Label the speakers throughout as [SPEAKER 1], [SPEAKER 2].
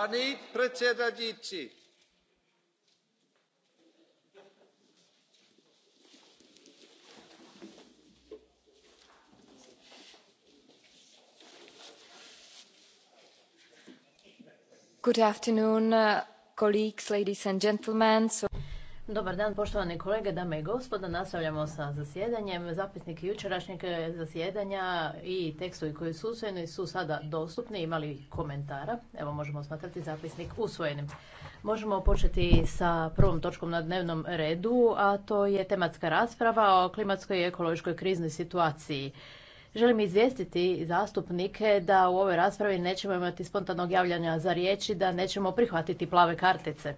[SPEAKER 1] Pani Good afternoon, uh, colleagues, ladies and gentlemen.
[SPEAKER 2] Dobar dan, poštovani kolege, dame i gospodo. Nastavljamo sa zasjedanjem. Zapisnik jučerašnjeg zasjedanja i tekstovi koji su usvojeni su sada dostupni. Imali komentara? Evo, možemo smatrati zapisnik usvojenim. Možemo početi sa prvom točkom na dnevnom redu, a to je tematska rasprava o klimatskoj i ekološkoj kriznoj situaciji. Želim izvijestiti zastupnike da u ovoj raspravi nećemo imati spontanog javljanja za riječi, da nećemo prihvatiti plave kartice.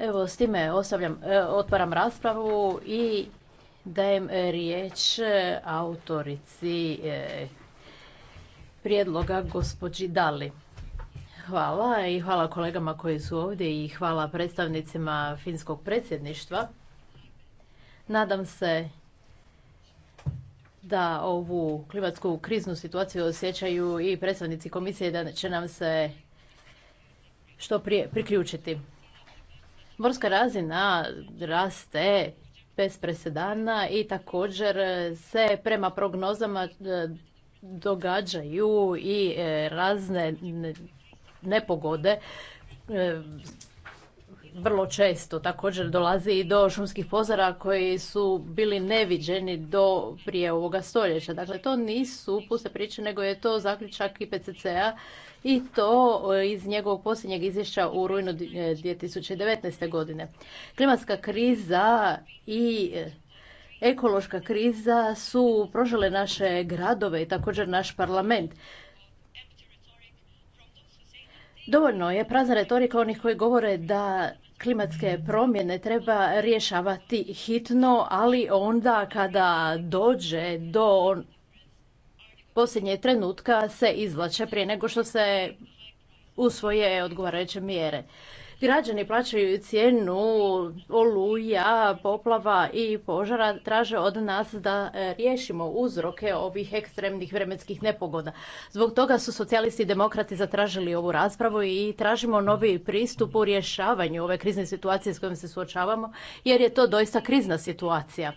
[SPEAKER 2] Evo, s time ostavljam, e, otvaram raspravu i dajem riječ autorici e, prijedloga gospođi Dali. Hvala i hvala kolegama koji su ovdje i hvala predstavnicima finskog predsjedništva. Nadam se da ovu klimatsku kriznu situaciju osjećaju i predstavnici komisije da će nam se što prije priključiti morska razina raste bez presedana i također se prema prognozama e, događaju i e, razne nepogode e, vrlo često. Također dolazi i do šumskih pozara koji su bili neviđeni do prije ovoga stoljeća. Dakle, to nisu puste priče, nego je to zaključak IPCC-a i to iz njegovog posljednjeg izvješća u rujnu 2019. E, godine. Klimatska kriza i e, ekološka kriza su prožele naše gradove i također naš parlament. Dovoljno je prazna retorika onih koji govore da klimatske promjene treba rješavati hitno, ali onda kada dođe do posljednje trenutka se izvlače prije nego što se usvoje odgovarajuće mjere. Građani plaćaju cijenu oluja, poplava i požara, traže od nas da e, riješimo uzroke ovih ekstremnih vremenskih nepogoda. Zbog toga su socijalisti i demokrati zatražili ovu raspravu i tražimo novi pristup u rješavanju ove krizne situacije s kojom se suočavamo, jer je to doista krizna situacija.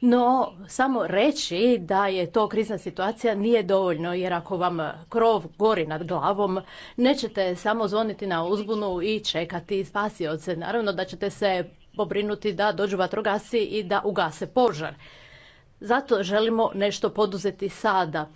[SPEAKER 2] No, samo reći da je to krizna situacija nije dovoljno, jer ako vam krov gori nad glavom, nećete samo zvoniti na uzbunu i čekati spasioce. Naravno da ćete se pobrinuti da dođu vatrogasci i da ugase požar. Zato želimo nešto poduzeti sada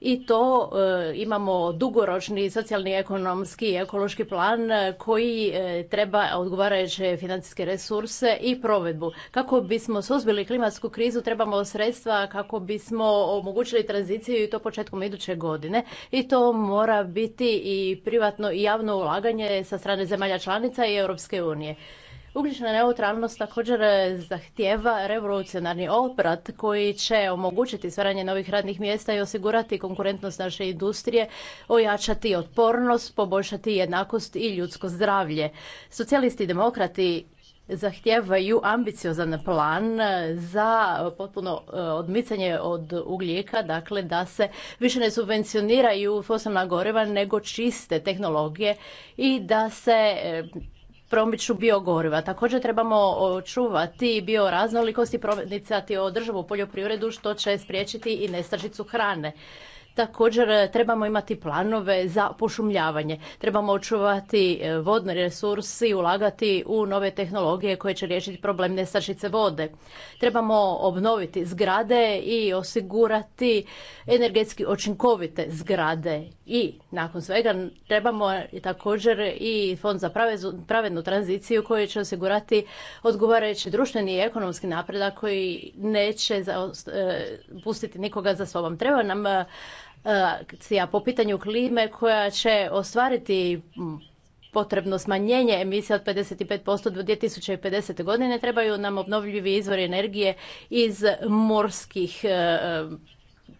[SPEAKER 2] i to e, imamo dugoročni socijalni, ekonomski i ekološki plan e, koji e, treba odgovarajuće financijske resurse i provedbu. Kako bismo suzbili klimatsku krizu trebamo sredstva kako bismo omogućili tranziciju i to početkom iduće godine i to mora biti i privatno i javno ulaganje sa strane zemalja članica i Europske unije. Ugljična neutralnost također e, zahtjeva revolucionarni oprat koji će omogućiti stvaranje novih radnih mjesta i osigurati konkurentnost naše industrije, ojačati otpornost, poboljšati jednakost i ljudsko zdravlje. Socijalisti i demokrati zahtijevaju ambiciozan plan e, za potpuno e, odmicanje od ugljika, dakle da se više ne subvencioniraju fosilna goriva nego čiste tehnologije i da se promiču biogoriva. Također trebamo očuvati bioraznolikost i promicati održivu poljoprivredu što će spriječiti i nestašicu hrane. Također e, trebamo imati planove za pošumljavanje. Trebamo očuvati e, vodne resursi i ulagati u nove tehnologije koje će riješiti problem nestašice vode. Trebamo obnoviti zgrade i osigurati energetski očinkovite zgrade i nakon svega trebamo također i fond za pravednu tranziciju koji će osigurati odgovarajući društveni i ekonomski napredak koji neće e, pustiti nikoga za sobom. Treba nam e, akcija po pitanju klime koja će ostvariti potrebno smanjenje emisija od 55% do 2050. godine. Trebaju nam obnovljivi izvori energije iz morskih e,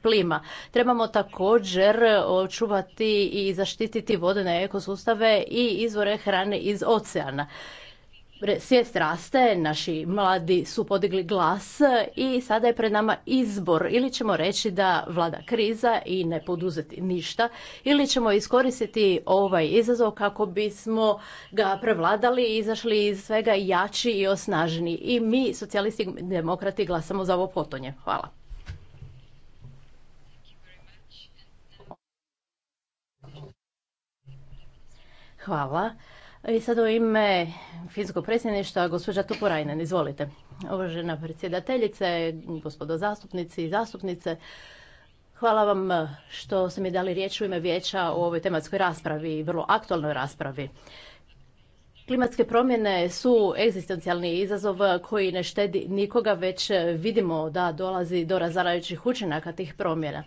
[SPEAKER 2] plima. Trebamo također očuvati i zaštititi vodene ekosustave i izvore hrane iz oceana. Svijest raste, naši mladi su podigli glas i sada je pred nama izbor. Ili ćemo reći da vlada kriza i ne poduzeti ništa, ili ćemo iskoristiti ovaj izazov kako bismo ga prevladali i izašli iz svega jači i osnaženi. I mi, socijalisti demokrati, glasamo za ovo potonje. Hvala. Hvala. I sad u ime Finskog predsjedništva, gospođa Tuporajnen, izvolite. Uvažena predsjedateljice, gospodo zastupnici i zastupnice, hvala vam što ste mi dali riječ u ime vijeća o ovoj tematskoj raspravi, vrlo aktualnoj raspravi. Klimatske promjene su egzistencijalni izazov koji ne štedi nikoga, već vidimo da dolazi do razarajućih učinaka tih promjena.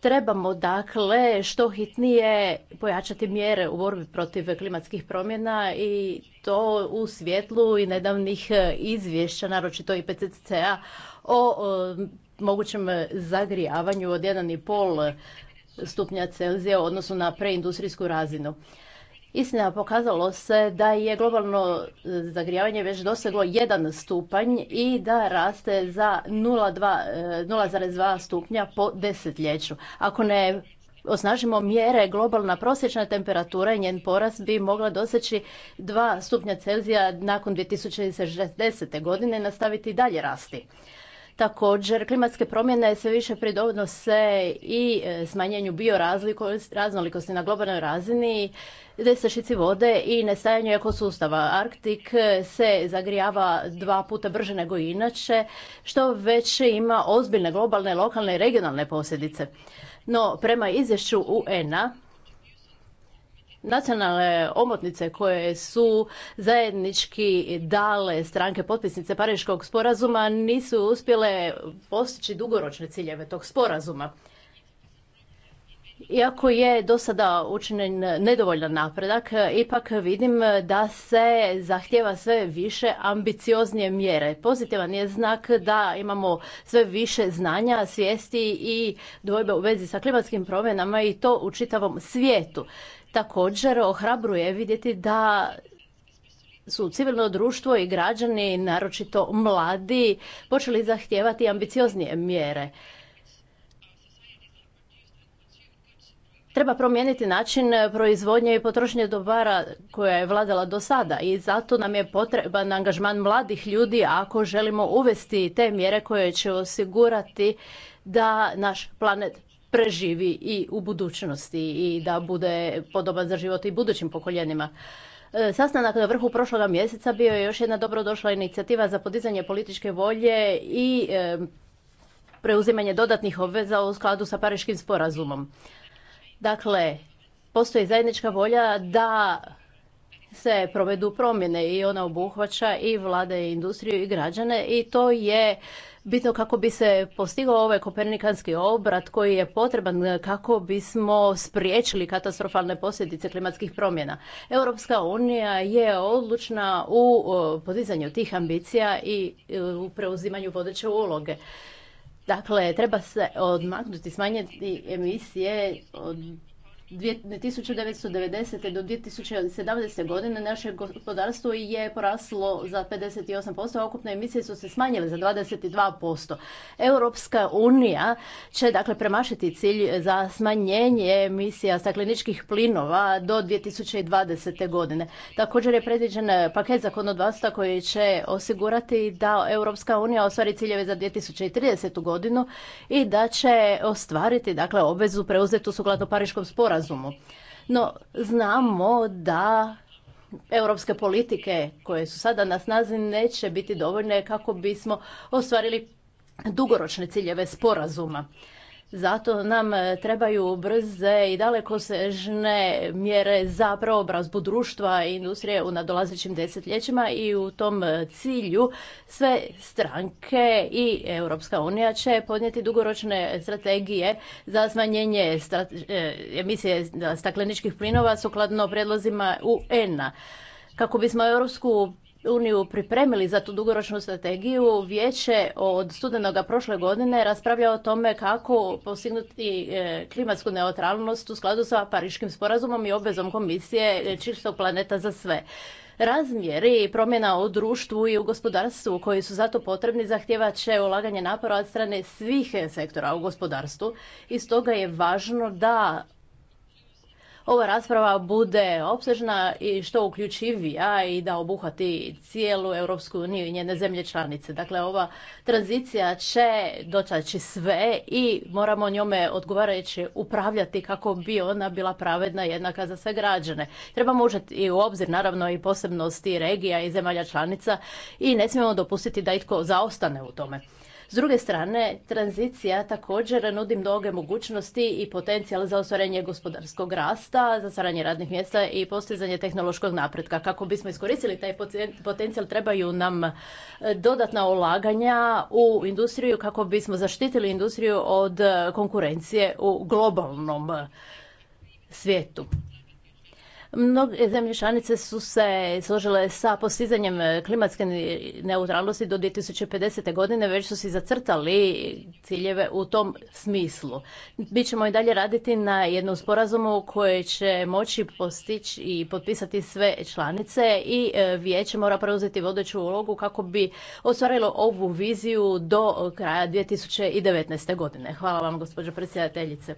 [SPEAKER 2] Trebamo dakle što hitnije pojačati mjere u borbi protiv klimatskih promjena i to u svjetlu i nedavnih izvješća, naročito i PCC-a, o mogućem zagrijavanju od 1,5 stupnja Celzija odnosno odnosu na preindustrijsku razinu. Istina, pokazalo se da je globalno e, zagrijavanje već doseglo jedan stupanj i da raste za 0,2 e, stupnja po desetljeću. Ako ne osnažimo mjere, globalna prosječna temperatura i njen porast bi mogla doseći 2 stupnja Celzija nakon 2060. godine i nastaviti dalje rasti. Također, klimatske promjene sve više se i e, smanjenju bioraznolikosti na globalnoj razini desašici vode i nestajanju ekosustava. Arktik se zagrijava dva puta brže nego inače, što već ima ozbiljne globalne, lokalne i regionalne posljedice. No, prema izvješću UN-a, nacionalne omotnice koje su zajednički dale stranke potpisnice Pariškog sporazuma nisu uspjele postići dugoročne ciljeve tog sporazuma. Iako je do sada učinjen nedovoljan napredak, ipak vidim da se zahtjeva sve više ambicioznije mjere. Pozitivan je znak da imamo sve više znanja, svijesti i dvojbe u vezi sa klimatskim promjenama i to u čitavom svijetu. Također ohrabruje vidjeti da su civilno društvo i građani, naročito mladi, počeli zahtijevati ambicioznije mjere. Treba promijeniti način eh, proizvodnje i potrošnje dobara koja je vladala do sada i zato nam je potreban angažman mladih ljudi ako želimo uvesti te mjere koje će osigurati da naš planet preživi i u budućnosti i da bude podoban za život i budućim pokoljenima. Eh, sastanak na vrhu prošloga mjeseca bio je još jedna dobrodošla inicijativa za podizanje političke volje i eh, preuzimanje dodatnih obveza u skladu sa Pariškim sporazumom. Dakle, postoji zajednička volja da se provedu promjene i ona obuhvaća i vlade i industriju i građane i to je bitno kako bi se postigao ovaj kopernikanski obrat koji je potreban kako bismo spriječili katastrofalne posljedice klimatskih promjena. Europska unija je odlučna u podizanju tih ambicija i e, u preuzimanju vodeće uloge. Dakle, treba se odmaknuti, smanjiti emisije od 1990. do 2017. godine naše gospodarstvo je poraslo za 58%, a ukupne emisije su se smanjile za 22%. Europska unija će dakle premašiti cilj za smanjenje emisija stakleničkih plinova do 2020. godine. Također je predviđen paket zakonodavstva koji će osigurati da Europska unija ostvari ciljeve za 2030. godinu i da će ostvariti dakle obvezu preuzetu sukladno Pariškom sporazumu. No, znamo da europske politike koje su sada na snazi neće biti dovoljne kako bismo ostvarili dugoročne ciljeve sporazuma. Zato nam e, trebaju brze i dalekosežne mjere za preobrazbu društva i industrije u nadolazećim desetljećima i u tom e, cilju sve stranke i Europska unija će podnijeti dugoročne strategije za smanjenje e, emisije stakleničkih plinova sukladno predlozima UN-a. Kako bismo europsku uniju pripremili za tu dugoročnu strategiju, vijeće od studenoga prošle godine raspravlja o tome kako postignuti e, klimatsku neutralnost u skladu sa Pariškim sporazumom i obvezom komisije e, čistog planeta za sve. Razmjeri promjena u društvu i u gospodarstvu koji su zato potrebni zahtijevat će ulaganje napora od strane svih sektora u gospodarstvu i stoga je važno da ova rasprava bude opsežna i što uključivija i da obuhvati cijelu Europsku uniju i njene zemlje članice. Dakle, ova tranzicija će dotaći sve i moramo njome odgovarajući upravljati kako bi ona bila pravedna jednaka za sve građane. Trebamo uzeti i u obzir naravno i posebnosti regija i zemalja članica i ne smijemo dopustiti da itko zaostane u tome. S druge strane, tranzicija također nudi mnoge mogućnosti i potencijal za ostvarenje gospodarskog rasta, za stvaranje radnih mjesta i postizanje tehnološkog napretka. Kako bismo iskoristili taj potencijal trebaju nam e, dodatna ulaganja u industriju kako bismo zaštitili industriju od e, konkurencije u globalnom e, svijetu. Mnoge zemlje članice su se složile sa postizanjem klimatske neutralnosti do 2050. godine, već su si zacrtali ciljeve u tom smislu. Mi ćemo i dalje raditi na jednom sporazumu koje će moći postići i potpisati sve članice i e, vijeće mora preuzeti vodeću ulogu kako bi ostvarilo ovu viziju do kraja 2019. godine. Hvala vam gospođo predsjedateljice.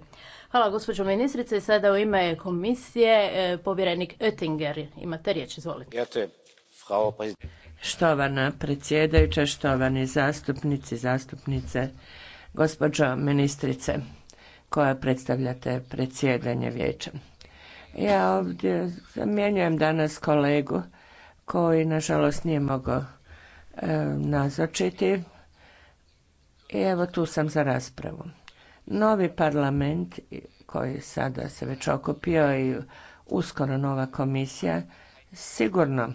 [SPEAKER 2] Hvala gospođo ministrice. Sada u ime komisije e, povjerenik Oettinger. Imate riječ, izvolite.
[SPEAKER 3] Štovana predsjedajuća, štovani zastupnici, zastupnice, gospođo ministrice koja predstavljate predsjedanje vijećem. Ja ovdje zamjenjujem danas kolegu koji nažalost nije mogao e, nazočiti i evo tu sam za raspravu. Novi parlament koji sada se već okupio i uskoro nova komisija sigurno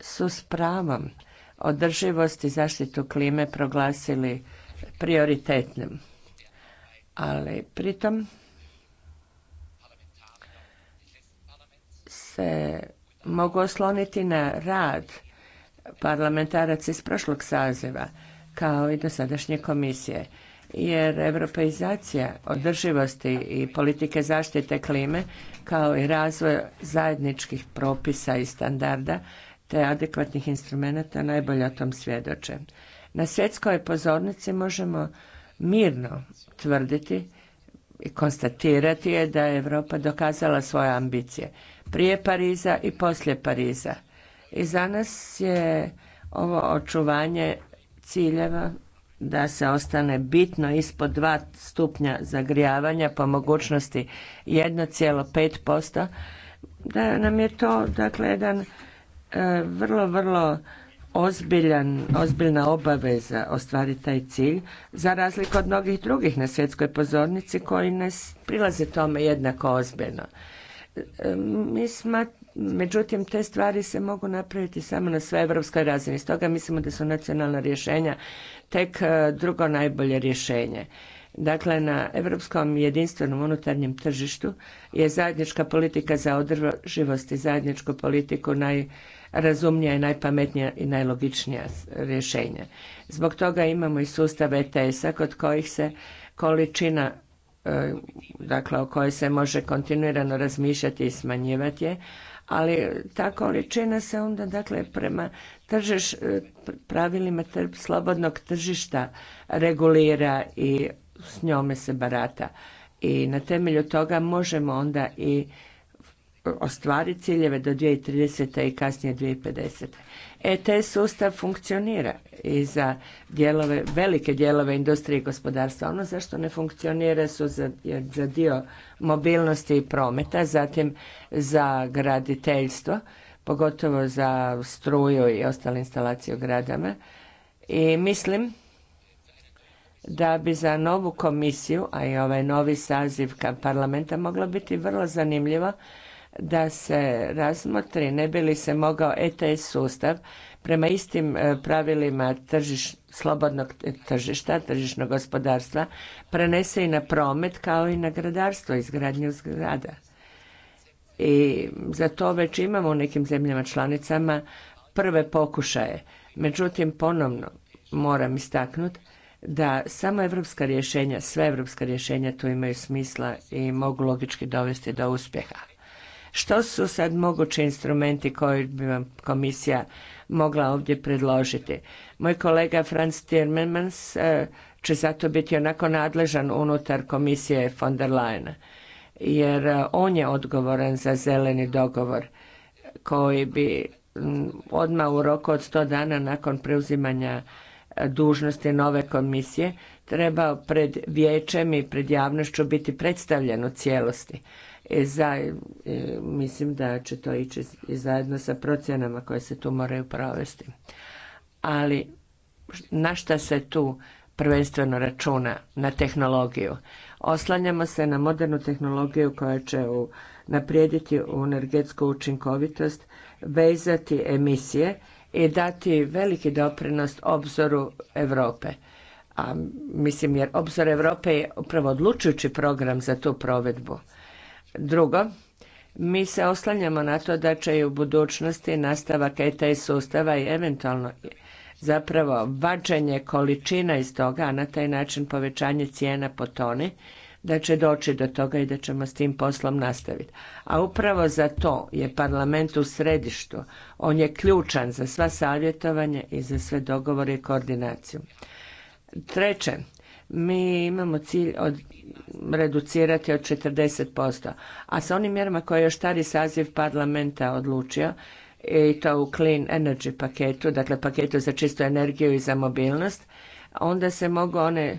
[SPEAKER 3] su s pravom održivost i zaštitu klime proglasili prioritetnim. Ali pritom se mogu osloniti na rad parlamentaraca iz prošlog saziva kao i dosadašnje komisije jer europeizacija održivosti i politike zaštite klime kao i razvoj zajedničkih propisa i standarda te adekvatnih instrumenata najbolje o tom svjedoče. Na svjetskoj pozornici možemo mirno tvrditi i konstatirati je da je Europa dokazala svoje ambicije prije Pariza i poslije Pariza. I za nas je ovo očuvanje ciljeva da se ostane bitno ispod 2 stupnja zagrijavanja po mogućnosti 1,5%, da nam je to dakle jedan e, vrlo, vrlo ozbiljan, ozbiljna obaveza ostvariti taj cilj, za razliku od mnogih drugih na svjetskoj pozornici koji ne prilaze tome jednako ozbiljno. Mi smo, međutim, te stvari se mogu napraviti samo na sve evropskoj razini. Stoga mislimo da su nacionalna rješenja tek e, drugo najbolje rješenje. Dakle, na europskom jedinstvenom unutarnjem tržištu je zajednička politika za održivost i zajedničku politiku najrazumnija i najpametnija i najlogičnija rješenja. Zbog toga imamo i sustav ETS-a kod kojih se količina E, dakle o kojoj se može kontinuirano razmišljati i smanjivati je, ali ta količina se onda dakle prema tržiš, e, pravilima slobodnog tržišta regulira i s njome se barata. I na temelju toga možemo onda i ostvari ciljeve do 2030. i kasnije 2050. ETS sustav funkcionira i za dijelove, velike dijelove industrije i gospodarstva. Ono zašto ne funkcionira su za, dio mobilnosti i prometa, zatim za graditeljstvo, pogotovo za struju i ostale instalacije u gradama. I mislim da bi za novu komisiju, a i ovaj novi saziv parlamenta moglo biti vrlo zanimljivo da se razmotri ne bi li se mogao ETS sustav prema istim e, pravilima slobodnog tržišta, tržišnog gospodarstva, prenese i na promet kao i na gradarstvo, izgradnju zgrada. I za to već imamo u nekim zemljama članicama prve pokušaje. Međutim, ponovno moram istaknuti da samo evropska rješenja, sve evropska rješenja tu imaju smisla i mogu logički dovesti do uspjeha. Što su sad mogući instrumenti koje bi vam komisija mogla ovdje predložiti? Moj kolega Franz Timmermans e, će zato biti onako nadležan unutar komisije von der Leyen, jer e, on je odgovoran za zeleni dogovor koji bi odmah u roku od 100 dana nakon preuzimanja e, dužnosti nove komisije trebao pred vijećem i pred javnošću biti predstavljen u cijelosti. E, e, mislim da će to ići zajedno sa procjenama koje se tu moraju provesti. Ali na šta se tu prvenstveno računa? Na tehnologiju. Oslanjamo se na modernu tehnologiju koja će unaprijediti naprijediti u energetsku učinkovitost, vezati emisije i dati veliki doprinost obzoru Europe. A, mislim jer obzor Europe je upravo odlučujući program za tu provedbu. Drugo, mi se oslanjamo na to da će i u budućnosti nastavak ETS sustava i eventualno zapravo vađenje količina iz toga, a na taj način povećanje cijena po toni, da će doći do toga i da ćemo s tim poslom nastaviti. A upravo za to je parlament u središtu. On je ključan za sva savjetovanja i za sve dogovore i koordinaciju. Treće, mi imamo cilj od, reducirati od 40%, a sa onim mjerama koje je još stari saziv parlamenta odlučio, i to u Clean Energy paketu, dakle paketu za čistu energiju i za mobilnost, onda se mogu one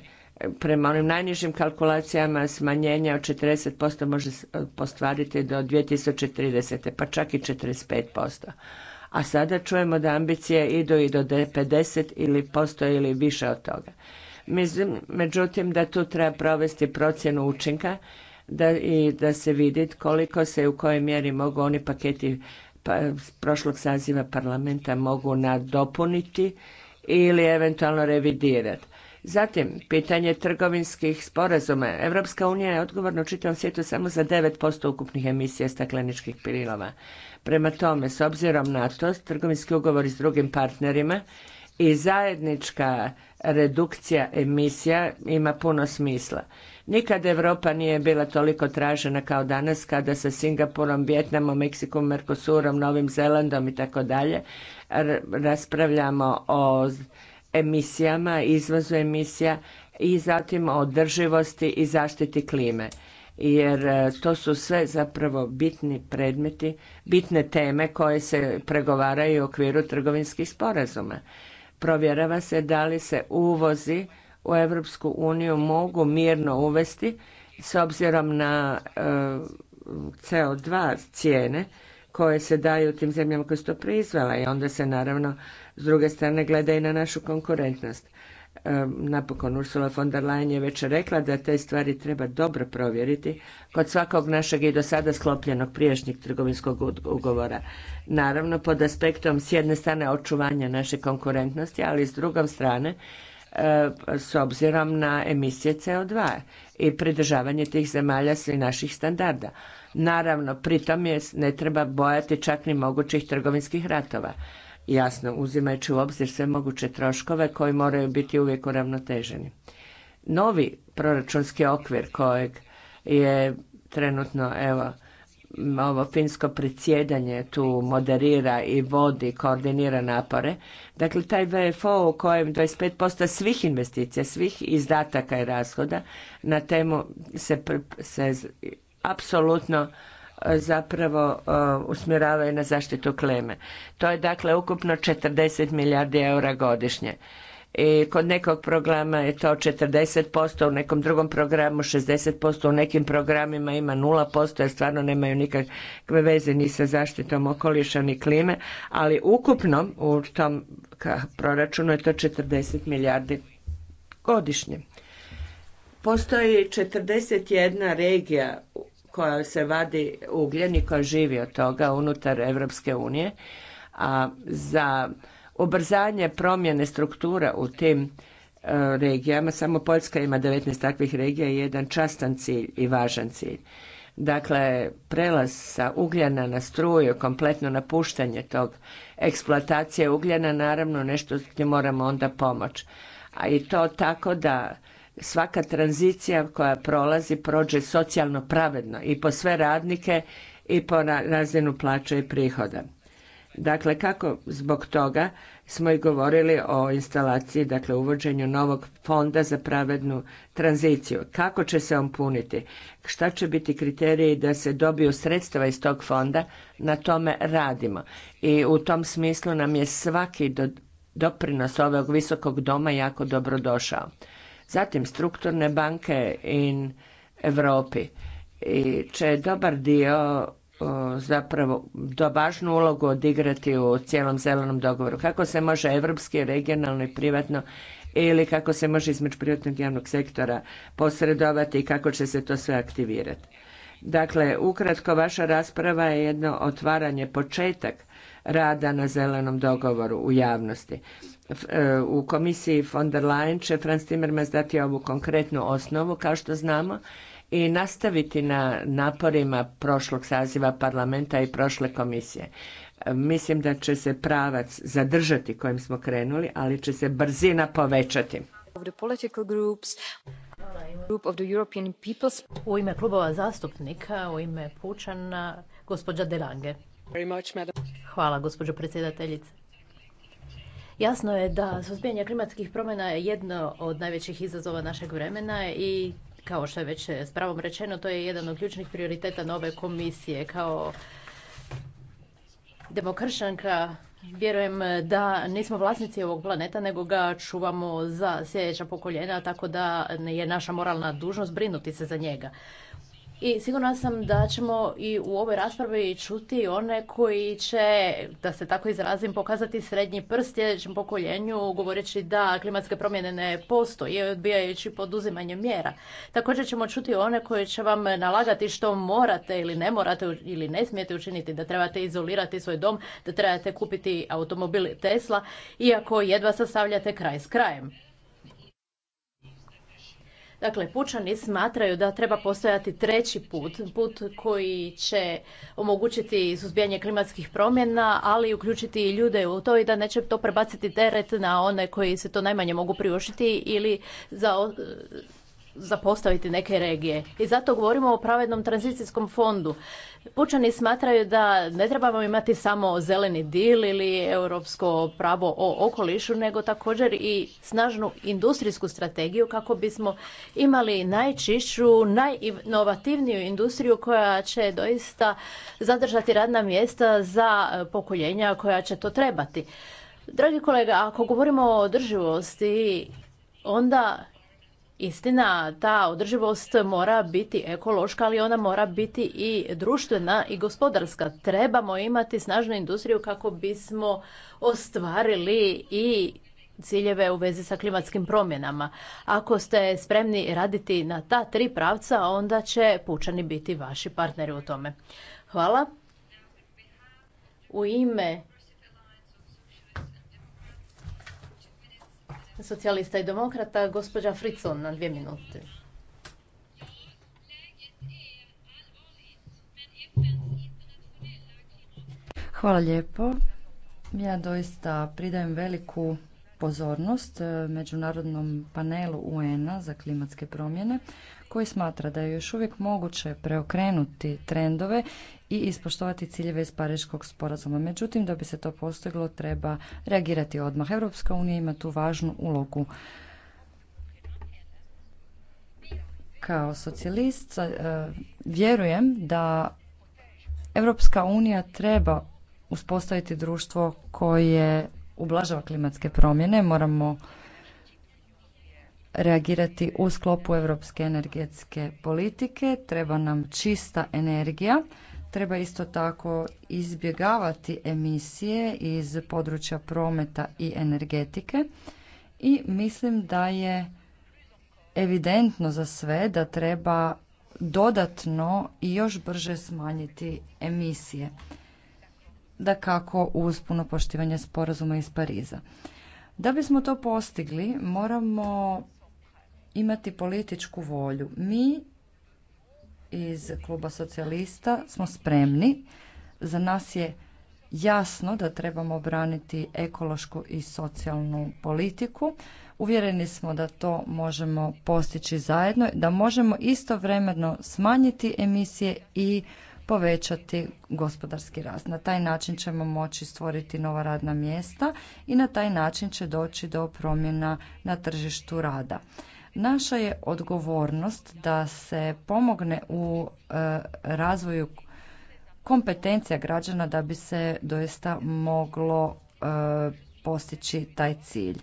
[SPEAKER 3] prema onim najnižim kalkulacijama smanjenja od 40% može postvariti do 2030. pa čak i 45%. A sada čujemo da ambicije idu i do 50 ili posto ili više od toga. Mislim, međutim, da tu treba provesti procjenu učinka da, i da se vidi koliko se i u kojoj mjeri mogu oni paketi pa, prošlog saziva parlamenta mogu nadopuniti ili eventualno revidirati. Zatim, pitanje trgovinskih sporazuma. Evropska unija je odgovorna u čitavom svijetu samo za 9% ukupnih emisija stakleničkih plinova. Prema tome, s obzirom na to, trgovinski ugovori s drugim partnerima i zajednička redukcija emisija ima puno smisla. Nikad Europa nije bila toliko tražena kao danas kada sa Singapurom, Vjetnamom, Meksikom, Mercosurom, Novim Zelandom i tako dalje raspravljamo o emisijama, izvozu emisija i zatim o održivosti i zaštiti klime. Jer e, to su sve zapravo bitni predmeti, bitne teme koje se pregovaraju u okviru trgovinskih sporazuma provjerava se da li se uvozi u Europsku uniju mogu mirno uvesti s obzirom na e, CO2 cijene koje se daju tim zemljama koje su to proizvele i onda se naravno s druge strane gleda i na našu konkurentnost napokon Ursula von der Leyen je već rekla da te stvari treba dobro provjeriti kod svakog našeg i do sada sklopljenog prijašnjeg trgovinskog ugovora. Naravno, pod aspektom s jedne strane očuvanja naše konkurentnosti, ali s drugom strane s obzirom na emisije CO2 i pridržavanje tih zemalja svih naših standarda. Naravno, pritom je ne treba bojati čak ni mogućih trgovinskih ratova jasno uzimajući u obzir sve moguće troškove koji moraju biti uvijek uravnoteženi. Novi proračunski okvir kojeg je trenutno evo ovo finsko predsjedanje tu moderira i vodi, koordinira napore. Dakle, taj VFO u kojem 25% svih investicija, svih izdataka i rashoda na temu se, se apsolutno zapravo uh, usmjeravaju na zaštitu kleme. To je dakle ukupno 40 milijardi eura godišnje. I kod nekog programa je to 40%, u nekom drugom programu 60%, u nekim programima ima 0% jer stvarno nemaju nikakve veze ni sa zaštitom okoliša ni klime, ali ukupno u tom proračunu je to 40 milijardi godišnje. Postoji 41 regija koja se vadi ugljen i koja živi od toga unutar Europske unije, a za ubrzanje promjene struktura u tim e, regijama, samo Poljska ima 19 takvih regija i jedan častan cilj i važan cilj. Dakle, prelaz sa ugljena na struju, kompletno napuštanje tog eksploatacije ugljena, naravno nešto gdje moramo onda pomoći. A i to tako da svaka tranzicija koja prolazi prođe socijalno pravedno i po sve radnike i po razinu plaća i prihoda. Dakle, kako zbog toga smo i govorili o instalaciji, dakle uvođenju novog fonda za pravednu tranziciju. Kako će se on puniti? Šta će biti kriteriji da se dobiju sredstva iz tog fonda? Na tome radimo. I u tom smislu nam je svaki doprinos ovog visokog doma jako dobro došao Zatim strukturne banke in Europi i će dobar dio zapravo do važnu ulogu odigrati u cijelom zelenom dogovoru. Kako se može evropski, regionalno i privatno ili kako se može između privatnog i javnog sektora posredovati i kako će se to sve aktivirati. Dakle, ukratko, vaša rasprava je jedno otvaranje, početak rada na zelenom dogovoru u javnosti. E, u komisiji von der Leyen će Franz Timmermans dati ovu konkretnu osnovu, kao što znamo, i nastaviti na naporima prošlog saziva parlamenta i prošle komisije. E, mislim da će se pravac zadržati kojim smo krenuli, ali će se brzina povećati.
[SPEAKER 2] U ime klubova zastupnika, u ime Pučana, gospođa Lange. Hvala, gospođo predsjedateljice. Jasno je da suzbijanje klimatskih promjena je jedno od najvećih izazova našeg vremena i kao što je već s pravom rečeno, to je jedan od ključnih prioriteta nove komisije. Kao demokršanka... Vjerujem da nismo vlasnici ovog planeta, nego ga čuvamo za sljedeća pokoljena, tako da je naša moralna dužnost brinuti se za njega i sigurna sam da ćemo i u ovoj raspravi čuti one koji će, da se tako izrazim, pokazati srednji prst sljedećem pokoljenju govoreći da klimatske promjene ne postoje odbijajući poduzimanje mjera. Također ćemo čuti one koji će vam nalagati što morate ili ne morate ili ne smijete učiniti, da trebate izolirati svoj dom, da trebate kupiti automobil Tesla, iako jedva sastavljate kraj s krajem. Dakle, pučani smatraju da treba postojati treći put, put koji će omogućiti suzbijanje klimatskih promjena, ali uključiti i ljude u to i da neće to prebaciti teret na one koji se to najmanje mogu priušiti ili za zapostaviti neke regije. I zato govorimo o pravednom tranzicijskom fondu. Pučani smatraju da ne trebamo imati samo zeleni dil ili europsko pravo o okolišu, nego također i snažnu industrijsku strategiju kako bismo imali najčišću, najinovativniju industriju koja će doista zadržati radna mjesta za pokoljenja koja će to trebati. Dragi kolega, ako govorimo o održivosti, onda Istina, ta održivost mora biti ekološka, ali ona mora biti i društvena i gospodarska. Trebamo imati snažnu industriju kako bismo ostvarili i ciljeve u vezi sa klimatskim promjenama. Ako ste spremni raditi na ta tri pravca, onda će pučani biti vaši partneri u tome. Hvala. U ime socijalista i demokrata, gospođa Fricon na dvije minute.
[SPEAKER 1] Hvala lijepo. Ja doista pridajem veliku pozornost eh, Međunarodnom panelu UN-a za klimatske promjene koji smatra da je još uvijek moguće preokrenuti trendove i ispoštovati ciljeve iz Pariškog sporazuma. Međutim, da bi se to postiglo, treba reagirati odmah. Europska unija ima tu važnu ulogu. Kao socijalist eh, vjerujem da Europska unija treba uspostaviti društvo koje ublažava klimatske promjene. Moramo reagirati u sklopu europske energetske politike. Treba nam čista energija. Treba isto tako izbjegavati emisije iz područja prometa i energetike. I mislim da je evidentno za sve da treba dodatno i još brže smanjiti emisije. Da kako uz puno poštivanje sporazuma iz Pariza. Da bismo to postigli, moramo imati političku volju. Mi iz kluba socijalista smo spremni. Za nas je jasno da trebamo braniti ekološku i socijalnu politiku. Uvjereni smo da to možemo postići zajedno, da možemo istovremeno smanjiti emisije i povećati gospodarski rast. Na taj način ćemo moći stvoriti nova radna mjesta i na taj način će doći do promjena na tržištu rada. Naša je odgovornost da se pomogne u e, razvoju kompetencija građana da bi se doista moglo e, postići taj cilj.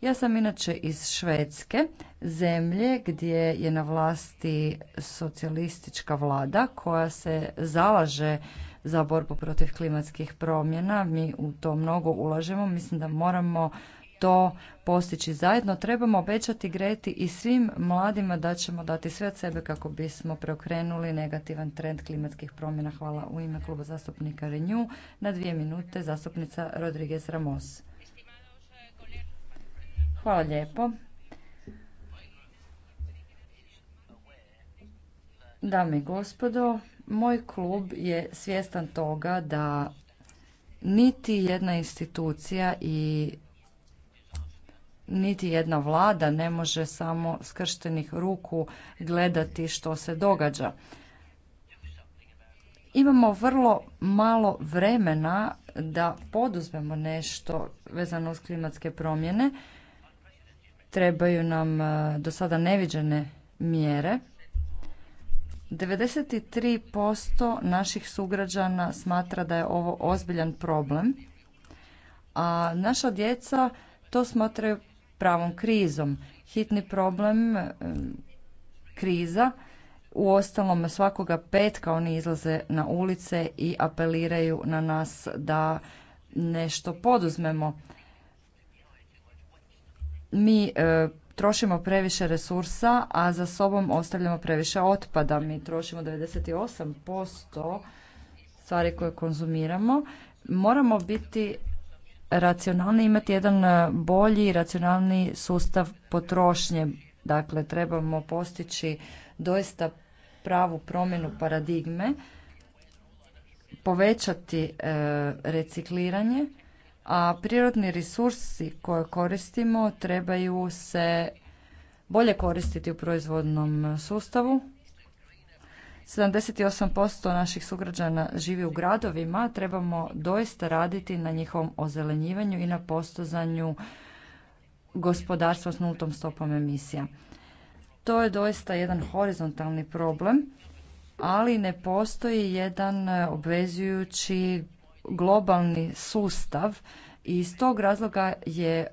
[SPEAKER 1] Ja sam inače iz Švedske, zemlje gdje je na vlasti socijalistička vlada koja se zalaže za borbu protiv klimatskih promjena. Mi u to mnogo ulažemo. Mislim da moramo to postići zajedno, trebamo obećati Greti i svim mladima da ćemo dati sve od sebe kako bismo preokrenuli negativan trend klimatskih promjena. Hvala u ime kluba zastupnika Renew. Na dvije minute zastupnica Rodriguez Ramos. Hvala lijepo. Dame i gospodo, moj klub je svjestan toga da niti jedna institucija i niti jedna vlada ne može samo skrštenih ruku gledati što se događa. Imamo vrlo malo vremena da poduzmemo nešto vezano uz klimatske promjene. Trebaju nam e, do sada neviđene mjere. 93% naših sugrađana smatra da je ovo ozbiljan problem, a naša djeca to smatraju pravom krizom. Hitni problem kriza u ostalom svakoga petka oni izlaze na ulice i apeliraju na nas da nešto poduzmemo. Mi e, trošimo previše resursa, a za sobom ostavljamo previše otpada. Mi trošimo 98% stvari koje konzumiramo. Moramo biti racionalni imati jedan e, bolji i racionalni sustav potrošnje. Dakle, trebamo postići doista pravu promjenu paradigme, povećati e, recikliranje, a prirodni resursi koje koristimo trebaju se bolje koristiti u proizvodnom sustavu 78% naših sugrađana živi u gradovima, trebamo doista raditi na njihovom ozelenjivanju i na postozanju gospodarstva s nultom stopom emisija. To je doista jedan horizontalni problem, ali ne postoji jedan obvezujući globalni sustav i iz tog razloga je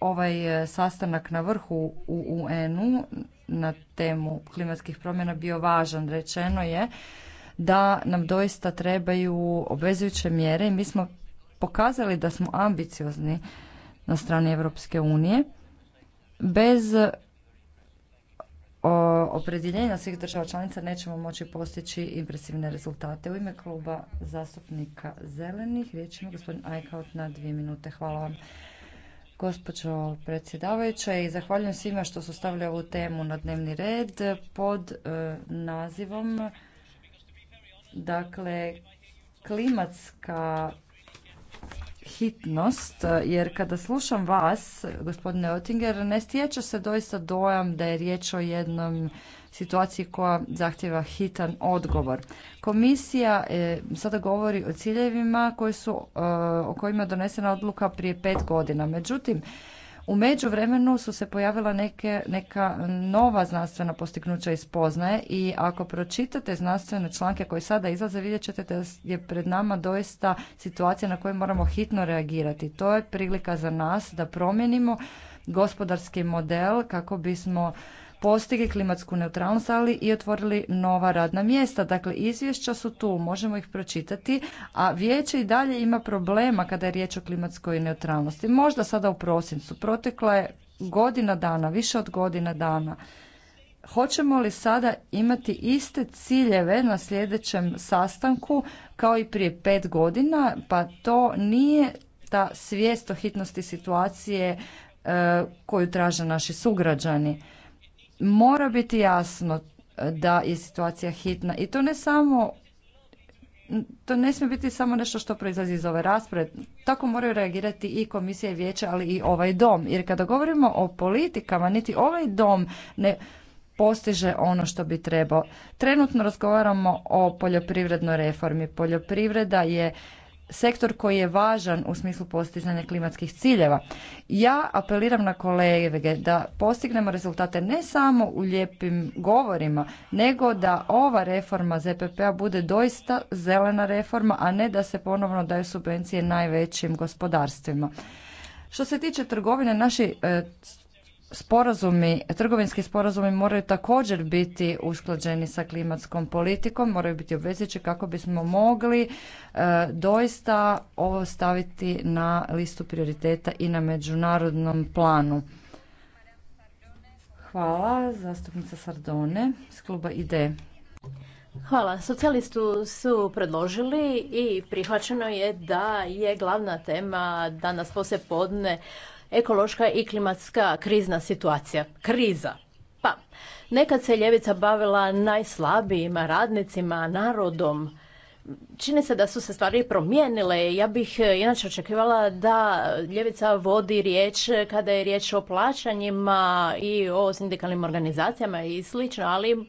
[SPEAKER 1] ovaj sastanak na vrhu u UN-u na temu klimatskih promjena bio važan. Rečeno je da nam doista trebaju obvezujuće mjere i mi smo pokazali da smo ambiciozni na strani Europske unije bez opredjeljenja svih država članica nećemo moći postići impresivne rezultate. U ime kluba zastupnika zelenih riječ ima gospodin Ajkaut na dvije minute. Hvala vam gospođo predsjedavajuća i zahvaljujem svima što su stavili ovu temu na dnevni red pod e, nazivom dakle klimatska hitnost jer kada slušam vas gospodine Oettinger ne stječe se doista dojam da je riječ o jednom situaciji koja zahtjeva hitan odgovor. Komisija e, sada govori o ciljevima koji su, e, o kojima je donesena odluka prije pet godina. Međutim, u međuvremenu su se pojavila neke, neka nova znanstvena postignuća i spoznaje i ako pročitate znanstvene članke koji sada izlaze vidjet ćete da je pred nama doista situacija na koju moramo hitno reagirati. To je prilika za nas da promijenimo gospodarski model kako bismo postigli klimatsku neutralnost, ali i otvorili nova radna mjesta. Dakle, izvješća su tu, možemo ih pročitati, a vijeće i dalje ima problema kada je riječ o klimatskoj neutralnosti. Možda sada u prosincu, protekla je godina dana, više od godina dana. Hoćemo li sada imati iste ciljeve na sljedećem sastanku kao i prije pet godina, pa to nije ta svijest o hitnosti situacije e, koju traže naši sugrađani mora biti jasno e, da je situacija hitna i to ne samo to ne smije biti samo nešto što proizlazi iz ove rasprave. Tako moraju reagirati i komisije vijeće, ali i ovaj dom. Jer kada govorimo o politikama, niti ovaj dom ne postiže ono što bi trebao. Trenutno razgovaramo o poljoprivrednoj reformi. Poljoprivreda je sektor koji je važan u smislu postizanja klimatskih ciljeva. Ja apeliram na kolege da postignemo rezultate ne samo u lijepim govorima, nego da ova reforma ZPP-a bude doista zelena reforma, a ne da se ponovno daju subvencije najvećim gospodarstvima. Što se tiče trgovine, naši e, sporazumi, trgovinski sporazumi moraju također biti usklađeni sa klimatskom politikom, moraju biti obvezujući kako bismo mogli e, doista ovo staviti na listu prioriteta i na međunarodnom planu. Hvala, zastupnica Sardone iz kluba IDE.
[SPEAKER 2] Hvala. Socijalistu su predložili i prihvaćeno je da je glavna tema danas poslije podne ekološka i klimatska krizna situacija. Kriza. Pa, nekad se ljevica bavila najslabijima, radnicima, narodom. Čini se da su se stvari promijenile. Ja bih eh, inače očekivala da ljevica vodi riječ kada je riječ o plaćanjima i o sindikalnim organizacijama i slično, ali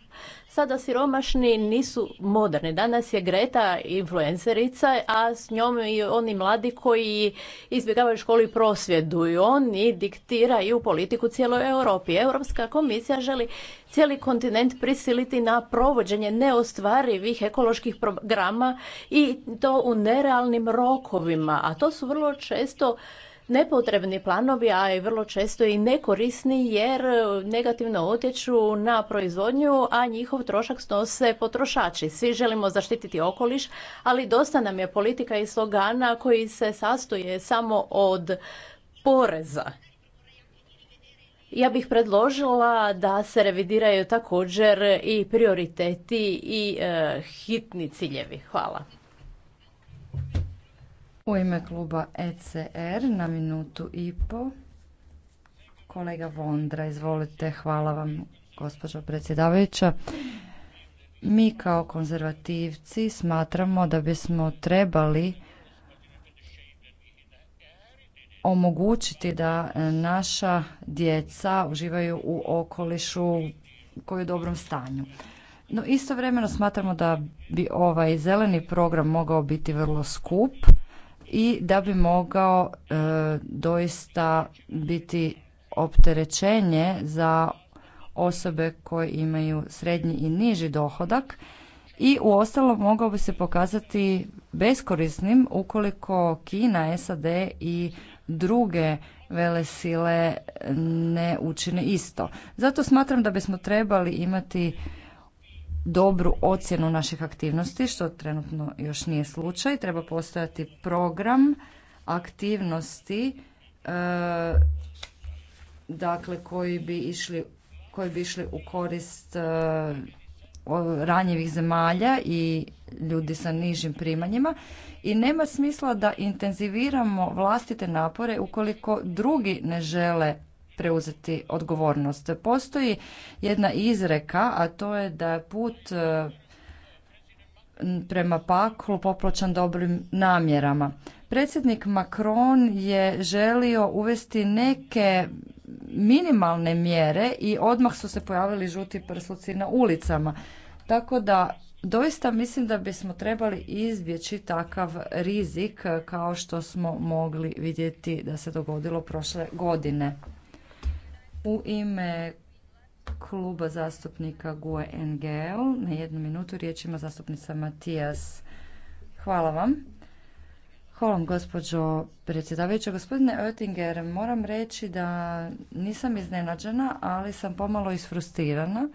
[SPEAKER 2] sada siromašni nisu moderni. Danas je Greta influencerica, a s njom i oni mladi koji izbjegavaju školu i prosvjeduju. Oni diktiraju politiku cijeloj Europi. Europska komisija želi cijeli kontinent prisiliti na provođenje neostvarivih ekoloških programa i to u nerealnim rokovima. A to su vrlo često nepotrebni planovi, a i vrlo često i nekorisni jer e, negativno utječu na proizvodnju, a njihov trošak snose potrošači. Svi želimo zaštititi okoliš, ali dosta nam je politika i slogana koji se sastoje samo od poreza. Ja bih predložila da se revidiraju također i prioriteti i e, hitni ciljevi. Hvala.
[SPEAKER 1] U ime kluba ECR na minutu i po. Kolega Vondra, izvolite. Hvala vam, gospođo predsjedavajuća. Mi kao konzervativci smatramo da bismo trebali omogućiti da naša djeca uživaju u okolišu koji je u dobrom stanju. No istovremeno smatramo da bi ovaj zeleni program mogao biti vrlo skup i da bi mogao e, doista biti opterećenje za osobe koje imaju srednji i niži dohodak i u ostalom mogao bi se pokazati beskorisnim ukoliko Kina, SAD i druge vele sile ne učine isto. Zato smatram da bismo trebali imati dobru ocjenu naših aktivnosti, što trenutno još nije slučaj. Treba postojati program aktivnosti e, dakle koji bi išli koji bi išli u korist e, ranjivih zemalja i ljudi sa nižim primanjima i nema smisla da intenziviramo vlastite napore ukoliko drugi ne žele preuzeti odgovornost. Postoji jedna izreka, a to je da je put e, prema paklu popločan dobrim namjerama. Predsjednik Macron je želio uvesti neke minimalne mjere i odmah su se pojavili žuti prsluci na ulicama. Tako da doista mislim da bismo trebali izbjeći takav rizik e, kao što smo mogli vidjeti da se dogodilo prošle godine. U ime kluba zastupnika GUE NGL na jednu minutu riječ ima zastupnica Matijas. Hvala vam. Hvala vam, gospođo predsjedavajuća. Gospodine Oettinger, moram reći da nisam iznenađena, ali sam pomalo isfrustirana.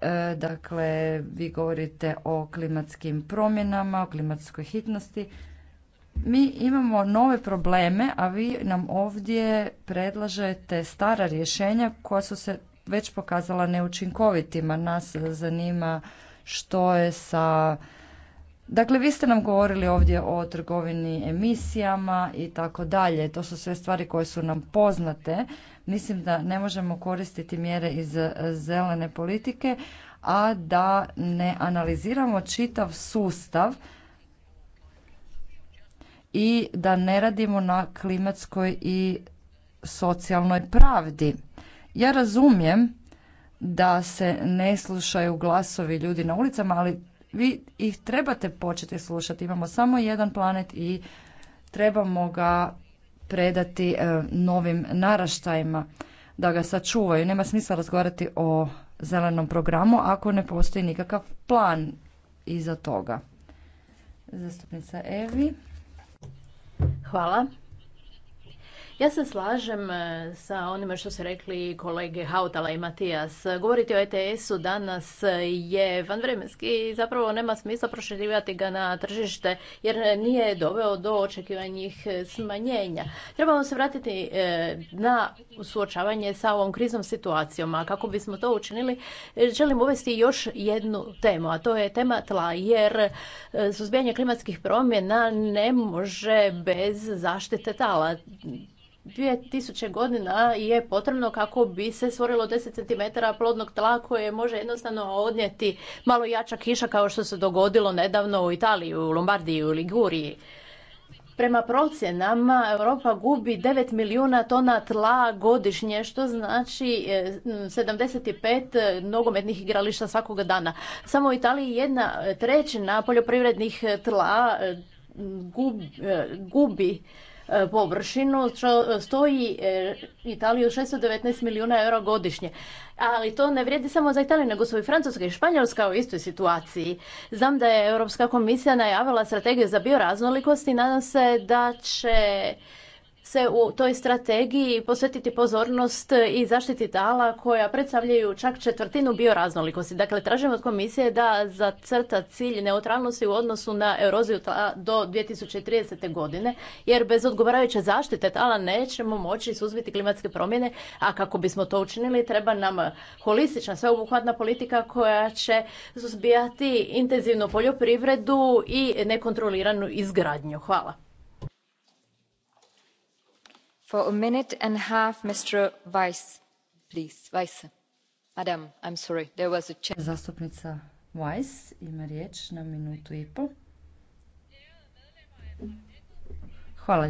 [SPEAKER 1] E, dakle, vi govorite o klimatskim promjenama, o klimatskoj hitnosti mi imamo nove probleme, a vi nam ovdje predlažete stara rješenja koja su se već pokazala neučinkovitima. Nas zanima što je sa... Dakle, vi ste nam govorili ovdje o trgovini emisijama i tako dalje. To su sve stvari koje su nam poznate. Mislim da ne možemo koristiti mjere iz zelene politike, a da ne analiziramo čitav sustav i da ne radimo na klimatskoj i socijalnoj pravdi. Ja razumijem da se ne slušaju glasovi ljudi na ulicama, ali vi ih trebate početi slušati. Imamo samo jedan planet i trebamo ga predati e, novim naraštajima da ga sačuvaju. Nema smisla razgovarati o zelenom programu ako ne postoji nikakav plan iza toga. Zastupnica Evi. Hvala.
[SPEAKER 2] Ja se slažem e, sa onima što su rekli kolege Hautala i Matijas. Govoriti o ETS-u danas je vanvremenski i zapravo nema smisla proširivati ga na tržište jer nije doveo do očekivanjih smanjenja. Trebamo se vratiti e, na suočavanje sa ovom kriznom situacijom, a kako bismo to učinili e, želim uvesti još jednu temu, a to je tema tla, jer suzbijanje klimatskih promjena ne može bez zaštite tala 2000 godina je potrebno kako bi se stvorilo 10 cm plodnog tla koje može jednostavno odnijeti malo jača kiša kao što se dogodilo nedavno u Italiji, u Lombardiji, u Liguriji. Prema procjenama Europa gubi 9 milijuna tona tla godišnje, što znači 75 e, nogometnih igrališta svakoga dana. Samo u Italiji jedna trećina poljoprivrednih tla e, e, gubi E, površinu e, stoji e, Italiju 619 milijuna eura godišnje. Ali to ne vrijedi samo za Italiju, nego su i Francuska i Španjolska u istoj situaciji. Znam da je Europska komisija najavila strategiju za bioraznolikost i nadam se da će se u toj strategiji posvetiti pozornost i zaštiti tala koja predstavljaju čak četvrtinu bioraznolikosti. Dakle, tražimo od komisije da zacrta cilj neutralnosti u odnosu na eroziju tla do 2030. godine, jer bez odgovarajuće zaštite tala nećemo moći suzbiti klimatske promjene, a kako bismo to učinili treba nam holistična, sveobuhvatna politika koja će suzbijati intenzivnu poljoprivredu i nekontroliranu izgradnju. Hvala for a minute and a half, Mr. Weiss, please. I'm
[SPEAKER 1] sorry, there was a Zastupnica Weiss ima riječ na minutu i pol. Hvala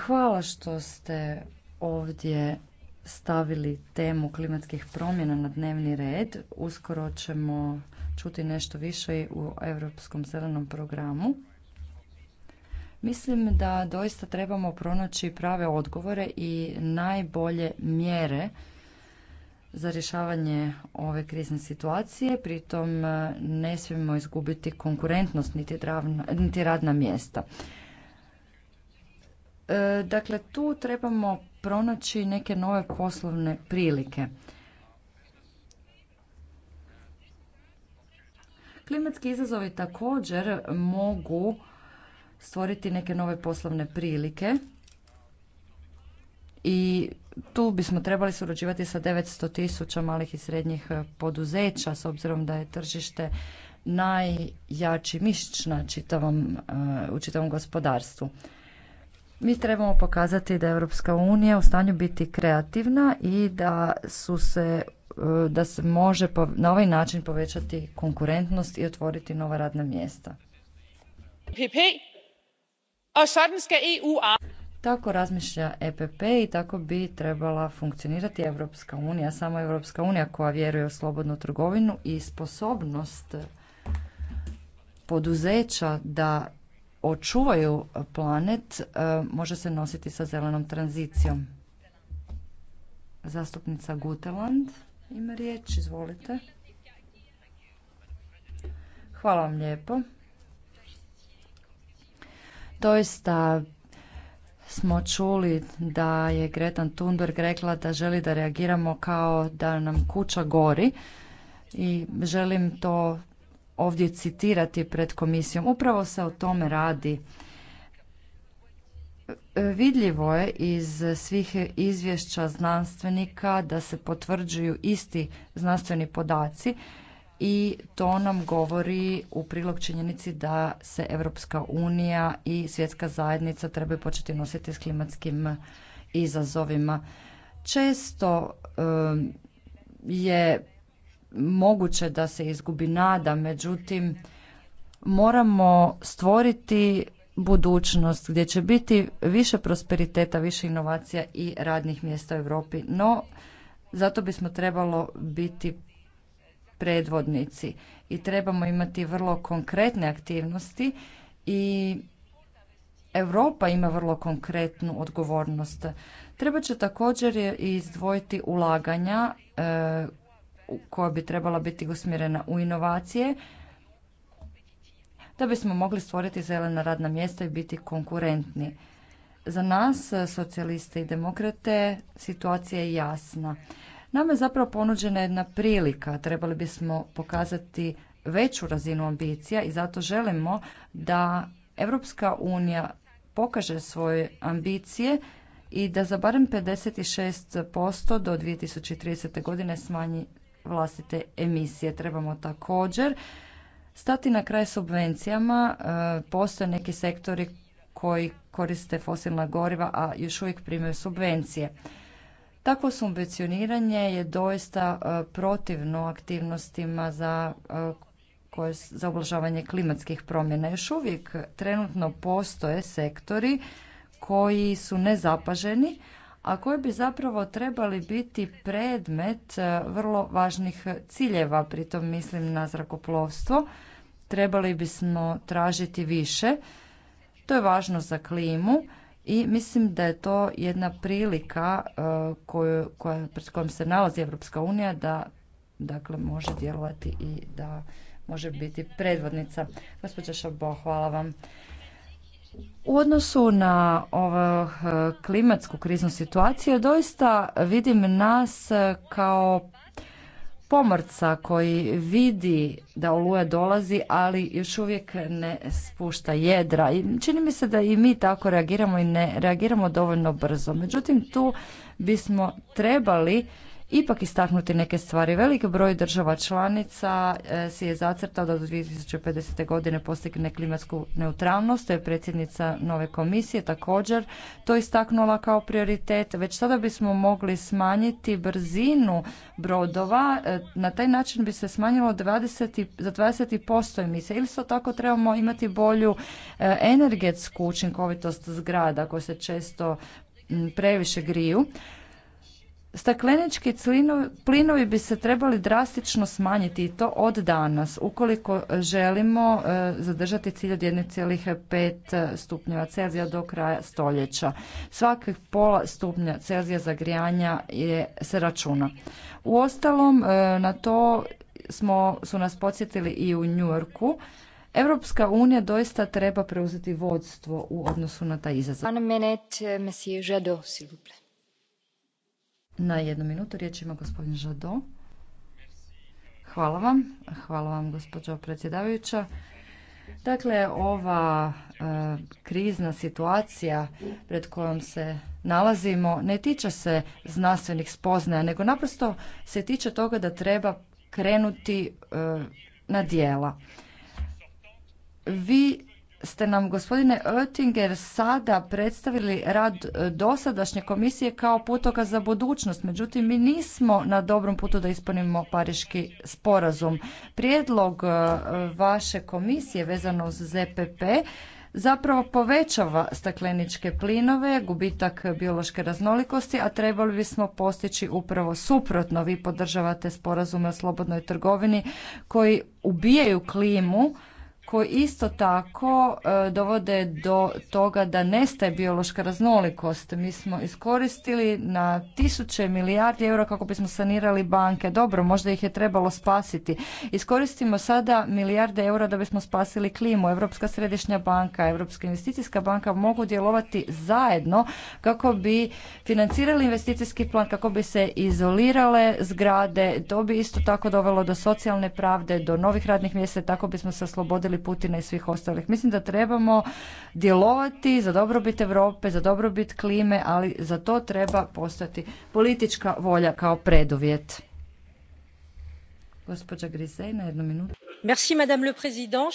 [SPEAKER 1] Hvala što ste ovdje stavili temu klimatskih promjena na dnevni red. Uskoro ćemo čuti nešto više u Europskom zelenom programu. Mislim da doista trebamo pronaći prave odgovore i najbolje mjere za rješavanje ove krizne situacije, pritom ne smijemo izgubiti konkurentnost niti, niti radna mjesta. E, dakle, tu trebamo pronaći neke nove poslovne prilike. Klimatski izazovi također mogu stvoriti neke nove poslovne prilike i tu bismo trebali surađivati sa 900 tisuća malih i srednjih poduzeća s obzirom da je tržište najjači mišić na čitavom, eh, u čitavom gospodarstvu. Mi trebamo pokazati da je Europska unija u stanju biti kreativna i da su se E, da se može na ovaj način povećati konkurentnost i otvoriti nova radna mjesta. E e tako razmišlja EPP i tako bi trebala funkcionirati Europska unija, samo Europska unija koja vjeruje u slobodnu trgovinu i sposobnost poduzeća da očuvaju planet može se nositi sa zelenom tranzicijom. Zastupnica Guteland. Ima riječ, izvolite. Hvala vam lijepo. Doista smo čuli da je Gretan Thunberg rekla da želi da reagiramo kao da nam kuća gori i želim to ovdje citirati pred komisijom. Upravo se o tome radi Vidljivo je iz svih izvješća znanstvenika da se potvrđuju isti znanstveni podaci i to nam govori u prilog činjenici da se Europska unija i svjetska zajednica trebaju početi nositi s klimatskim izazovima. Često je moguće da se izgubi nada, međutim moramo stvoriti budućnost gdje će biti više prosperiteta, više inovacija i radnih mjesta u Europi. No, zato bismo trebalo biti predvodnici i trebamo imati vrlo konkretne aktivnosti i Europa ima vrlo konkretnu odgovornost. Treba će također izdvojiti ulaganja e, koja bi trebala biti usmjerena u inovacije, da bismo mogli stvoriti zelena radna mjesta i biti konkurentni. Za nas, e, socijaliste i demokrate, situacija je jasna. Nama je zapravo ponuđena jedna prilika. Trebali bismo pokazati veću razinu ambicija i zato želimo da Europska unija pokaže svoje ambicije i da za barem 56% do 2030. godine smanji vlastite emisije. Trebamo također stati na kraj subvencijama. E, postoje neki sektori koji koriste fosilna goriva, a još uvijek primaju subvencije. Takvo subvencioniranje je doista e, protivno aktivnostima za e, koje klimatskih promjena. Još uvijek trenutno postoje sektori koji su nezapaženi, a koji bi zapravo trebali biti predmet e, vrlo važnih ciljeva, pritom mislim na zrakoplovstvo. Trebali bismo tražiti više. To je važno za klimu i mislim da je to jedna prilika e, koju, koja, pred kojom se nalazi Europska unija da dakle, može djelovati i da može biti predvodnica. Gospođa Šabo, hvala vam. U odnosu na ovu eh, klimatsku kriznu situaciju doista vidim nas eh, kao pomorca koji vidi da oluja dolazi, ali još uvijek ne spušta jedra. I čini mi se da i mi tako reagiramo i ne reagiramo dovoljno brzo. Međutim, tu bismo trebali ipak istaknuti neke stvari. Velik broj država članica e, si je zacrtao da do 2050. godine postigne klimatsku neutralnost. To je predsjednica nove komisije također to istaknula kao prioritet. Već sada bismo mogli smanjiti brzinu brodova. E, na taj način bi se smanjilo za 20% emisije. Ili isto tako trebamo imati bolju e, energetsku učinkovitost zgrada koje se često previše griju. Staklenički plinovi bi se trebali drastično smanjiti i to od danas ukoliko želimo e, zadržati cilj od 1,5 stupnjeva Celzija do kraja stoljeća. Svakih pola stupnja Celzija zagrijanja je, se računa. Uostalom e, na to smo, su nas podsjetili i u Njujorku. Europska unija doista treba preuzeti vodstvo u odnosu na taj izazov. One Menet, monsieur s'il vous plaît. Na jednu minutu riječ ima gospodin Žado. Hvala vam. Hvala vam gospođo predsjedavajuća. Dakle, ova e, krizna situacija pred kojom se nalazimo ne tiče se znanstvenih spoznaja, nego naprosto se tiče toga da treba krenuti e, na dijela. Vi ste nam gospodine Oettinger sada predstavili rad e, dosadašnje komisije kao putoka za budućnost. Međutim, mi nismo na dobrom putu da ispunimo pariški sporazum. Prijedlog e, vaše komisije vezano uz ZPP zapravo povećava stakleničke plinove, gubitak biološke raznolikosti, a trebali bismo postići upravo suprotno. Vi podržavate sporazume o slobodnoj trgovini koji ubijaju klimu, koji isto tako e, dovode do toga da nestaje biološka raznolikost. Mi smo iskoristili na tisuće milijardi eura kako bismo sanirali banke. Dobro, možda ih je trebalo spasiti. Iskoristimo sada milijarde eura da bismo spasili klimu. Europska središnja banka, Europska investicijska banka mogu djelovati zajedno kako bi financirali investicijski plan, kako bi se izolirale zgrade. To bi isto tako dovelo do socijalne pravde, do novih radnih mjesta, tako bismo se oslobodili Putina i svih ostalih. Mislim da trebamo djelovati za dobrobit Europe, za dobrobit klime, ali za to treba postati politička volja kao preduvjet. Gospođa Grisej, na jednu minutu. Merci, madame le président.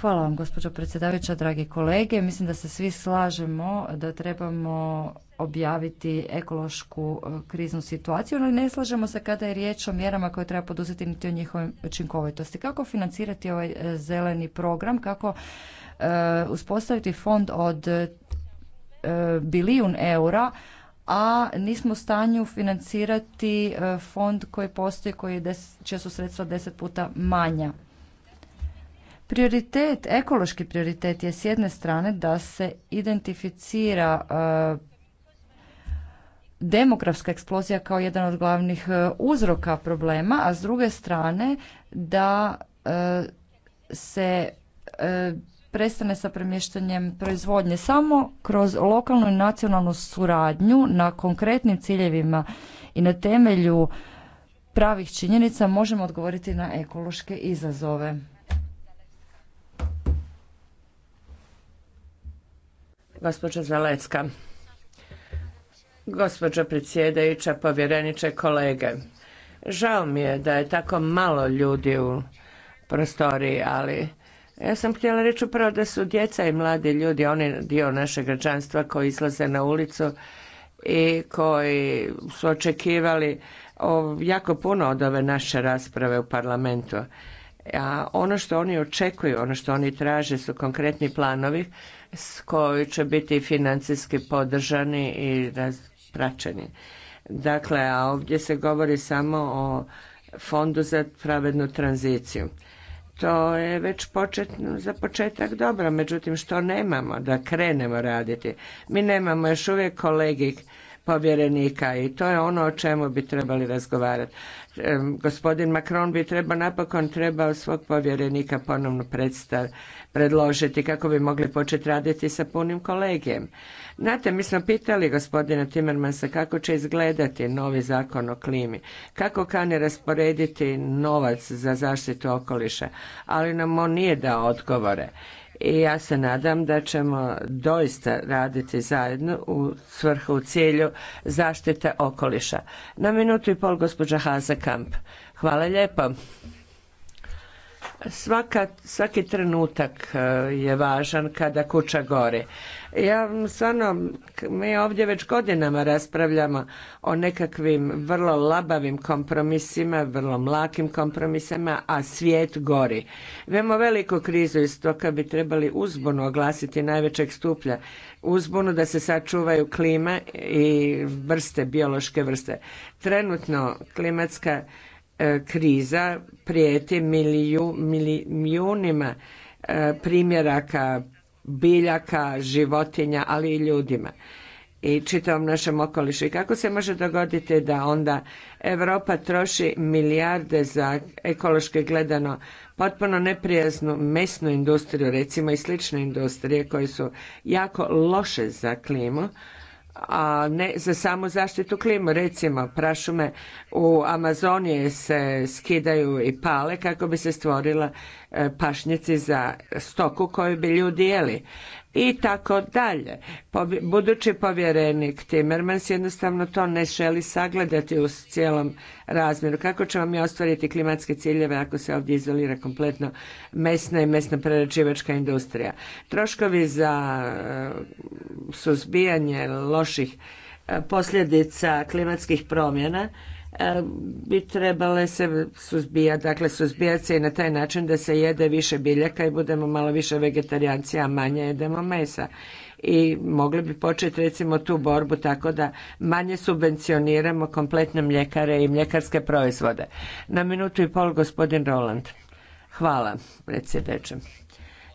[SPEAKER 1] Hvala vam gospođo predsjedavajuća, dragi kolege. Mislim da se svi slažemo da trebamo objaviti ekološku e, kriznu situaciju, ali ne slažemo se kada je riječ o mjerama koje treba poduzeti niti o njihovoj učinkovitosti. Kako financirati ovaj e, zeleni program, kako e, uspostaviti fond od bilijun eura, a nismo u stanju financirati fond koji postoji, koji čija su sredstva deset puta manja Prioritet, ekološki prioritet je s jedne strane da se identificira e, demografska eksplozija kao jedan od glavnih e, uzroka problema, a s druge strane da e, se prestane sa premještanjem proizvodnje. Samo kroz lokalnu i nacionalnu suradnju na konkretnim ciljevima i na temelju pravih činjenica možemo odgovoriti na ekološke izazove. Gospođo Zalecka.
[SPEAKER 3] Gospođo predsjedajuća, povjereniče, kolege. Žao mi je da je tako malo ljudi u prostoriji, ali ja sam htjela reći upravo da su djeca i mladi ljudi, oni dio našeg građanstva koji izlaze na ulicu i koji su očekivali jako puno od ove naše rasprave u parlamentu. A ono što oni očekuju, ono što oni traže su konkretni planovi s koji će biti financijski podržani i praćeni. Dakle, a ovdje se govori samo o fondu za pravednu tranziciju. To je već počet, za početak dobro, međutim što nemamo da krenemo raditi? Mi nemamo još uvijek kolegi povjerenika i to je ono o čemu bi trebali razgovarati. gospodin Macron bi treba napokon trebao svog povjerenika ponovno predstav, predložiti kako bi mogli početi raditi sa punim kolegijem. Znate, mi smo pitali gospodina Timmermansa kako će izgledati novi zakon o klimi, kako kani rasporediti novac za zaštitu okoliša, ali nam on nije dao odgovore i ja se nadam da ćemo doista raditi zajedno u svrhu u cilju zaštite okoliša. Na minutu i pol gospođa Kamp. Hvala lijepo. Svaka, svaki trenutak e, je važan kada kuća gori. Ja stvarno, mi ovdje već godinama raspravljamo o nekakvim vrlo labavim kompromisima, vrlo mlakim kompromisima, a svijet gori. Vemo veliku krizu iz toga bi trebali uzbunu oglasiti najvećeg stuplja. Uzbunu da se sačuvaju klima i vrste, biološke vrste. Trenutno klimatska E, kriza prijeti milijunima e, primjeraka biljaka, životinja, ali i ljudima i čitavom našem okolišu. I kako se može dogoditi da onda Europa troši milijarde za ekološki gledano potpuno neprijaznu mesnu industriju recimo i slične industrije koje su jako loše za klimu, a ne za samu zaštitu klimu. Recimo, prašume u Amazoniji se skidaju i pale kako bi se stvorila e, pašnjaci za stoku koju bi ljudi jeli i tako dalje. Budući povjerenik Timmermans jednostavno to ne želi sagledati u cijelom razmjeru. Kako ćemo mi ostvariti klimatske ciljeve ako se ovdje izolira kompletno mesna i mesna prerađivačka industrija? Troškovi za eh, suzbijanje loših eh, posljedica klimatskih promjena bi trebale se suzbijati, dakle suzbijati se i na taj način da se jede više biljaka i budemo malo više vegetarijanci, a manje jedemo mesa. I mogli bi početi recimo tu borbu tako da manje subvencioniramo kompletne mljekare i mljekarske proizvode. Na minutu i pol gospodin Roland. Hvala predsjedeće.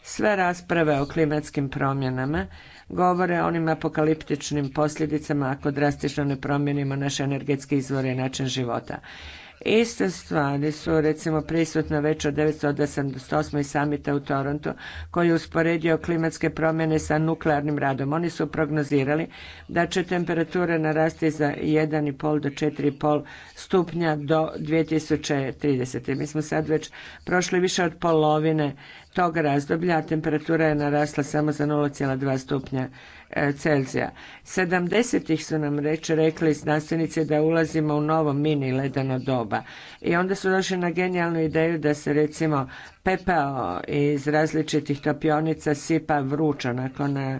[SPEAKER 3] Sve rasprave o klimatskim promjenama govore o onim apokaliptičnim posljedicama ako drastično ne promijenimo naše energetske izvore i način života. Iste stvari su recimo prisutne već od 1988. samita u Torontu koji je usporedio klimatske promjene sa nuklearnim radom. Oni su prognozirali da će temperatura narasti za 1,5 do 4,5 stupnja do 2030. Mi smo sad već prošli više od polovine tog razdoblja, a temperatura je narasla samo za 0,2 stupnja E, Celzija. 70 su nam reč, rekli znanstvenici da ulazimo u novo mini ledeno doba. I onda su došli na genijalnu ideju da se recimo pepeo iz različitih topionica sipa vruća nakon e,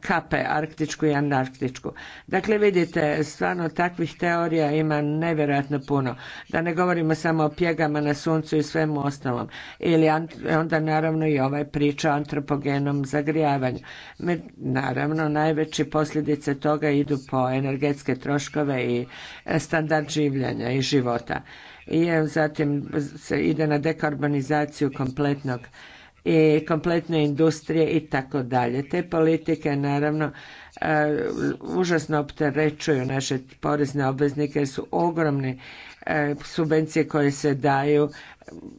[SPEAKER 3] kape, arktičku i antarktičku. Dakle, vidite, stvarno takvih teorija ima nevjerojatno puno. Da ne govorimo samo o pjegama na suncu i svemu ostalom. Ili onda naravno i ovaj priča o antropogenom zagrijavanju. Naravno, najveći posljedice toga idu po energetske troškove i standard življenja i života i zatim se ide na dekarbonizaciju kompletnog i kompletne industrije i tako dalje. Te politike naravno e, užasno opterećuju naše porezne obveznike jer su ogromne e, subvencije koje se daju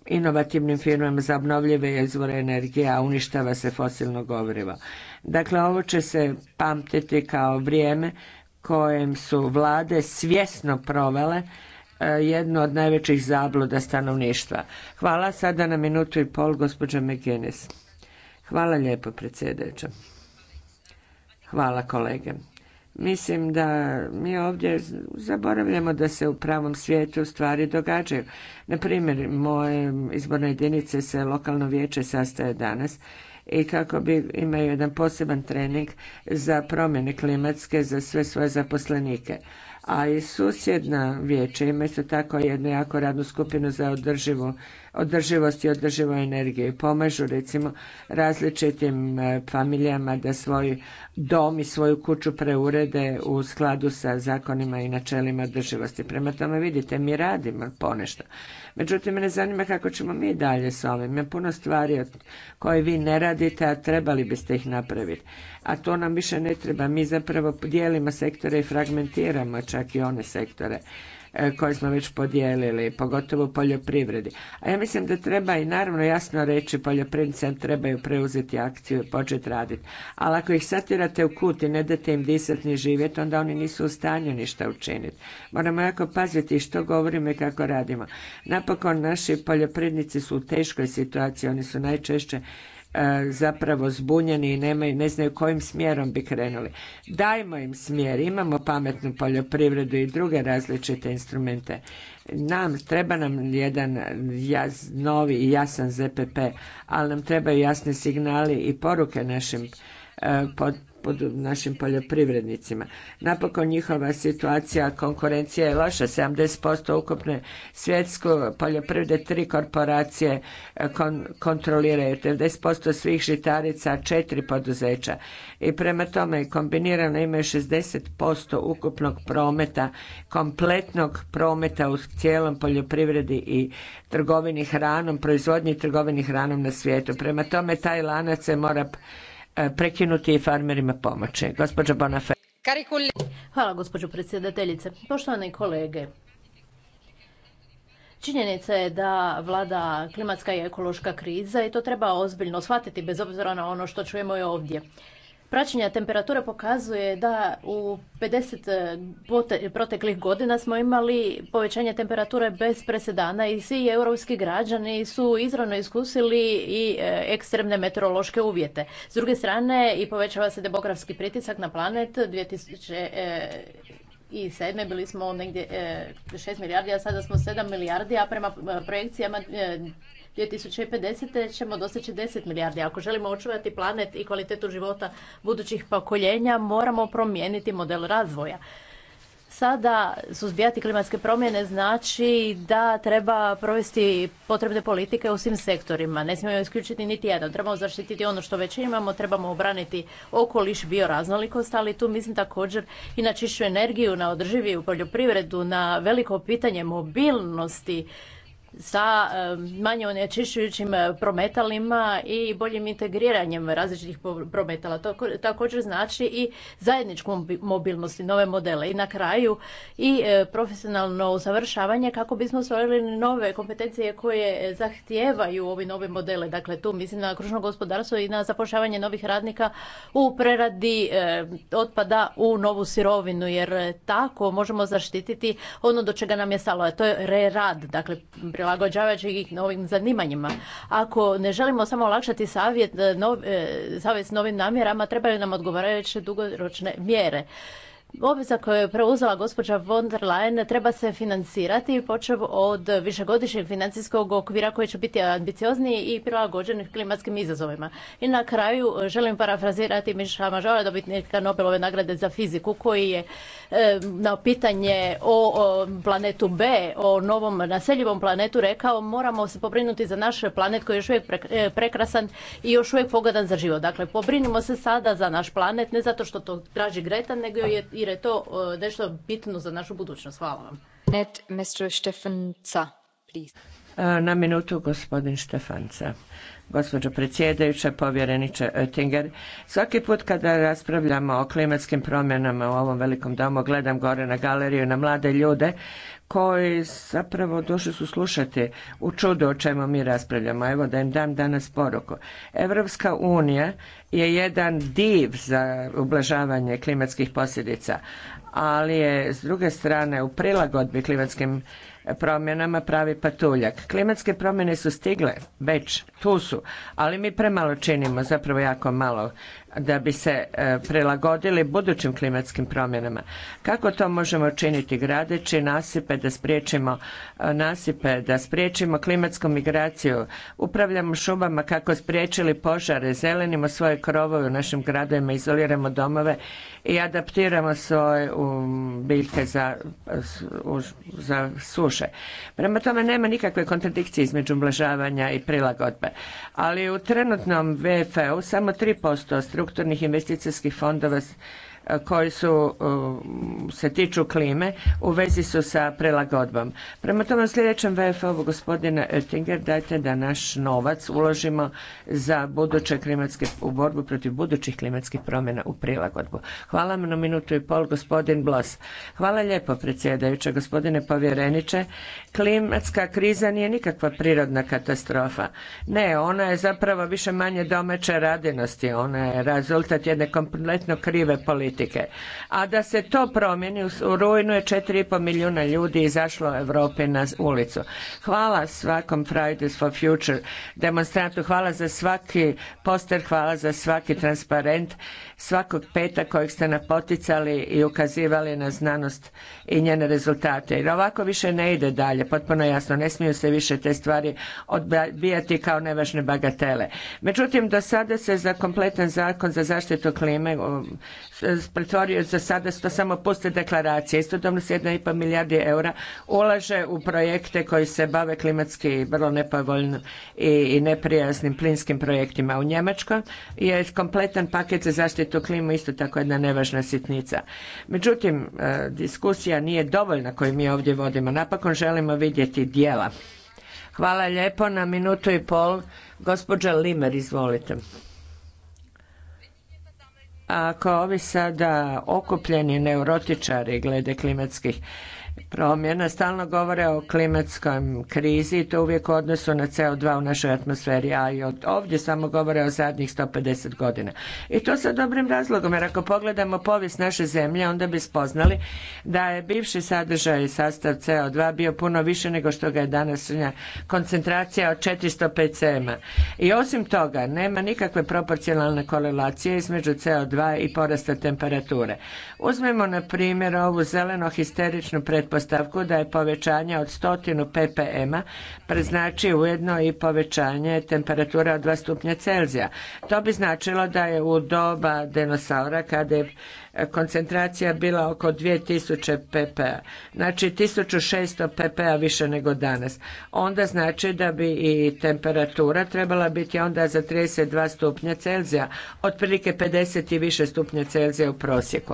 [SPEAKER 3] inovativnim firmama za obnovljive izvore energije, a uništava se fosilno gorivo. Dakle, ovo će se pamtiti kao vrijeme kojem su vlade svjesno provele E, jednu od najvećih zabluda stanovništva. Hvala sada na minutu i pol gospođa McGinnis. Hvala lijepo predsjedajuća. Hvala kolege. Mislim da mi ovdje zaboravljamo da se u pravom svijetu stvari događaju. Na primjer, moje izborne jedinice se lokalno vijeće sastaje danas i kako bi imaju jedan poseban trening za promjene klimatske za sve svoje zaposlenike a i susjedna vijeća ima isto tako jednu jako radnu skupinu za održivo, održivost i održivu energiju. Pomažu recimo različitim e, familijama da svoj dom i svoju kuću preurede u skladu sa zakonima i načelima održivosti. Prema tome vidite, mi radimo ponešto. Međutim, mene zanima kako ćemo mi dalje s ovim. Ima puno stvari koje vi ne radite, a trebali biste ih napraviti a to nam više ne treba. Mi zapravo dijelimo sektore i fragmentiramo čak i one sektore e, koje smo već podijelili, pogotovo u poljoprivredi. A ja mislim da treba i naravno jasno reći poljoprivrednicam trebaju preuzeti akciju i početi raditi. Ali ako ih satirate u kut i ne date im disati ni živjeti, onda oni nisu u stanju ništa učiniti. Moramo jako paziti što govorimo i kako radimo. Napokon naši poljoprivrednici su u teškoj situaciji, oni su najčešće E, zapravo zbunjeni i nemaju, ne znaju kojim smjerom bi krenuli. Dajmo im smjer, imamo pametnu poljoprivredu i druge različite instrumente. Nam treba nam jedan novi i jasan ZPP, ali nam trebaju jasni signali i poruke našim e, pod našim poljoprivrednicima. Napokon njihova situacija, konkurencija je loša, 70% ukupne svjetske poljoprivrede, tri korporacije e, kon kontroliraju, 90% svih žitarica, četiri poduzeća. I prema tome kombinirano imaju 60% ukupnog prometa, kompletnog prometa u cijelom poljoprivredi i trgovini hranom, proizvodnji trgovini hranom na svijetu. Prema tome taj lanac se mora E, prekinuti i farmerima pomoći. Gospođa
[SPEAKER 2] Hvala gospođo predsjedateljice. Poštovane kolege, Činjenica je da vlada klimatska i ekološka kriza i to treba ozbiljno shvatiti bez obzira na ono što čujemo i ovdje praćenja temperature pokazuje da u 50 proteklih godina smo imali povećanje temperature bez presedana i svi europski građani su izravno iskusili i e, ekstremne meteorološke uvjete. S druge strane i povećava se demografski pritisak na planet 2000 e, i sedme bili smo negdje 6 e, milijardi, a sada smo 7 milijardi, a prema projekcijama 2050. ćemo doseći 10 milijardi. Ako želimo očuvati planet i kvalitetu života budućih pokoljenja, moramo promijeniti model razvoja. Sada suzbijati klimatske promjene znači da treba provesti potrebne politike u svim sektorima. Ne smijemo isključiti niti jedan. Trebamo zaštititi ono što već imamo, trebamo obraniti okoliš, bioraznolikost, ali tu mislim također i na čišću energiju, na održiviju poljoprivredu, na veliko pitanje mobilnosti sa manje onečišćujućim prometalima i boljim integriranjem različitih prometala. To također znači i zajedničku mobilnost i nove modele. I na kraju i e, profesionalno usavršavanje kako bismo stvorili nove kompetencije koje zahtijevaju ovi nove modele. Dakle, tu mislim na kružno gospodarstvo i na zapošljavanje novih radnika u preradi e, otpada u novu sirovinu, jer tako možemo zaštititi ono do čega nam je stalo, a to je rerad, dakle prilagođavajući ih novim zanimanjima. Ako ne želimo samo olakšati savjet, eh, eh, savjet s novim namjerama, trebaju nam odgovarajuće dugoročne mjere. Obveza koju je preuzela gospođa von der Leyen treba se financirati počev od višegodišnjeg financijskog okvira koji će biti ambiciozniji i prilagođen klimatskim izazovima. I na kraju eh, želim parafrazirati Miša Mažora, dobitnika Nobelove nagrade za fiziku koji je eh, na pitanje o, planetu B, o novom naseljivom planetu rekao moramo se pobrinuti za naš planet koji je još uvijek eh, prekrasan i još uvijek pogodan za život. Dakle, pobrinimo se sada za naš planet ne zato što to traži Greta nego je jer je to e, nešto bitno za našu budućnost. Hvala vam.
[SPEAKER 3] E, na minutu gospodin Štefanca. Gospođo predsjedajuća, povjereniče Oettinger, svaki put kada raspravljamo o klimatskim promjenama u ovom velikom domu, gledam gore na galeriju na mlade ljude koji zapravo došli su slušati u čudu o čemu mi raspravljamo. Evo da im dam danas poruku. Evropska unija je jedan div za ublažavanje klimatskih posljedica, ali je s druge strane u prilagodbi klimatskim promjenama pravi patuljak. Klimatske promjene su stigle, već tu su, ali mi premalo činimo, zapravo jako malo, da bi se e, prilagodili budućim klimatskim promjenama. Kako to možemo činiti gradeći nasipe da spriječimo e, nasipe, da spriječimo klimatsku migraciju, upravljamo šumama kako spriječili požare, zelenimo svoje krovove u našim gradovima, izoliramo domove i adaptiramo svoje um, biljke za, za suše. Prema tome nema nikakve kontradikcije između ublažavanja i prilagodbe. Ali u trenutnom VFU samo 3% strukturnih investicijskih fondova koji su, se tiču klime u vezi su sa prilagodbom. Prema tome sljedećem vfo u gospodine Oettinger dajte da naš novac uložimo za buduće klimatske, u borbu protiv budućih klimatskih promjena u prilagodbu. Hvala vam na minutu i pol gospodin Blos. Hvala lijepo predsjedajuće, gospodine povjereniče. Klimatska kriza nije nikakva prirodna katastrofa. Ne, ona je zapravo više manje domaće radinosti. Ona je rezultat jedne kompletno krive politike politike. A da se to promijeni, u rujnu je 4,5 milijuna ljudi izašlo Europi na ulicu. Hvala svakom Fridays for Future demonstrantu, hvala za svaki poster, hvala za svaki transparent, svakog peta kojeg ste napoticali i ukazivali na znanost i njene rezultate. Jer ovako više ne ide dalje, potpuno jasno, ne smiju se više te stvari odbijati kao nevažne bagatele. Međutim, do sada se za kompletan zakon za zaštitu klime pretvorio za sada samo puste deklaracije. Istodobno se jedna i pa milijardi eura ulaže u projekte koji se bave klimatski vrlo nepovoljno i neprijaznim plinskim projektima. U Njemačkoj je kompletan paket za zaštitu klimu isto tako jedna nevažna sitnica. Međutim, e, diskusija nije dovoljna koju mi ovdje vodimo. Napokon želimo vidjeti dijela. Hvala lijepo na minutu i pol. Gospođa Limer, izvolite ako ovi sada okupljeni neurotičari glede klimatskih promjena stalno govore o klimatskoj krizi i to uvijek u odnosu na CO2 u našoj atmosferi, a i od ovdje samo govore o zadnjih 150 godina. I to sa dobrim razlogom, jer ako pogledamo povijest naše zemlje, onda bi spoznali da je bivši sadržaj i sastav CO2 bio puno više nego što ga je danas koncentracija od 400 pcm I osim toga, nema nikakve proporcionalne korelacije između CO2 i porasta temperature. Uzmemo na primjer ovu zeleno histeričnu pred postavku da je povećanje od 100 ppm-a preznači ujedno i povećanje temperature od dva stupnja Celzija. To bi značilo da je u doba dinosaura kada je koncentracija bila oko 2000 ppa. Znači 1600 ppa više nego danas. Onda znači da bi i temperatura trebala biti onda za 32 stupnja Celzija, otprilike 50 i više stupnja Celzija u prosjeku.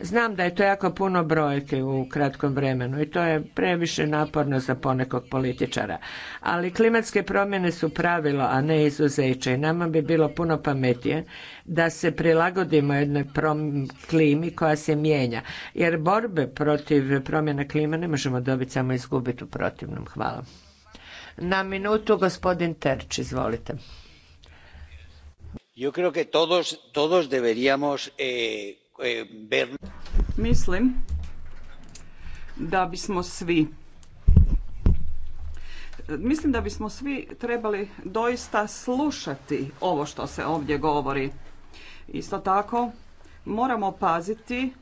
[SPEAKER 3] Znam da je to jako puno brojke u kratkom vremenu i to je previše naporno za ponekog političara. Ali klimatske promjene su pravilo, a ne izuzeće i nama bi bilo puno pametije da se prilagodimo jednoj klimi koja se mijenja. Jer borbe protiv promjene klima ne možemo dobiti samo izgubiti u protivnom. Hvala. Na minutu gospodin Terč, izvolite. Yo creo que todos, todos deberíamos eh, eh, Mislim da bismo svi mislim da bismo svi trebali doista slušati ovo što se ovdje govori Isto tako moramo paziti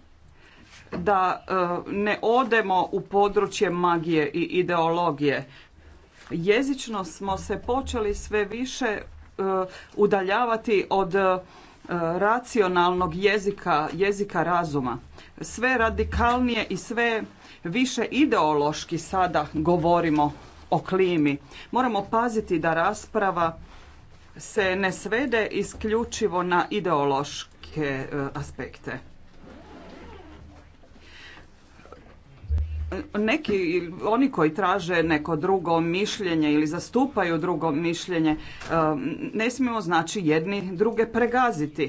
[SPEAKER 3] da e, ne odemo u područje magije i ideologije. Jezično smo se počeli sve više e, udaljavati od e, racionalnog jezika, jezika razuma. Sve radikalnije i sve više ideološki sada govorimo o klimi. Moramo paziti da rasprava se ne svede isključivo na ideološke e, aspekte. neki, oni koji traže neko drugo mišljenje ili zastupaju drugo mišljenje, e, ne smijemo znači jedni druge pregaziti.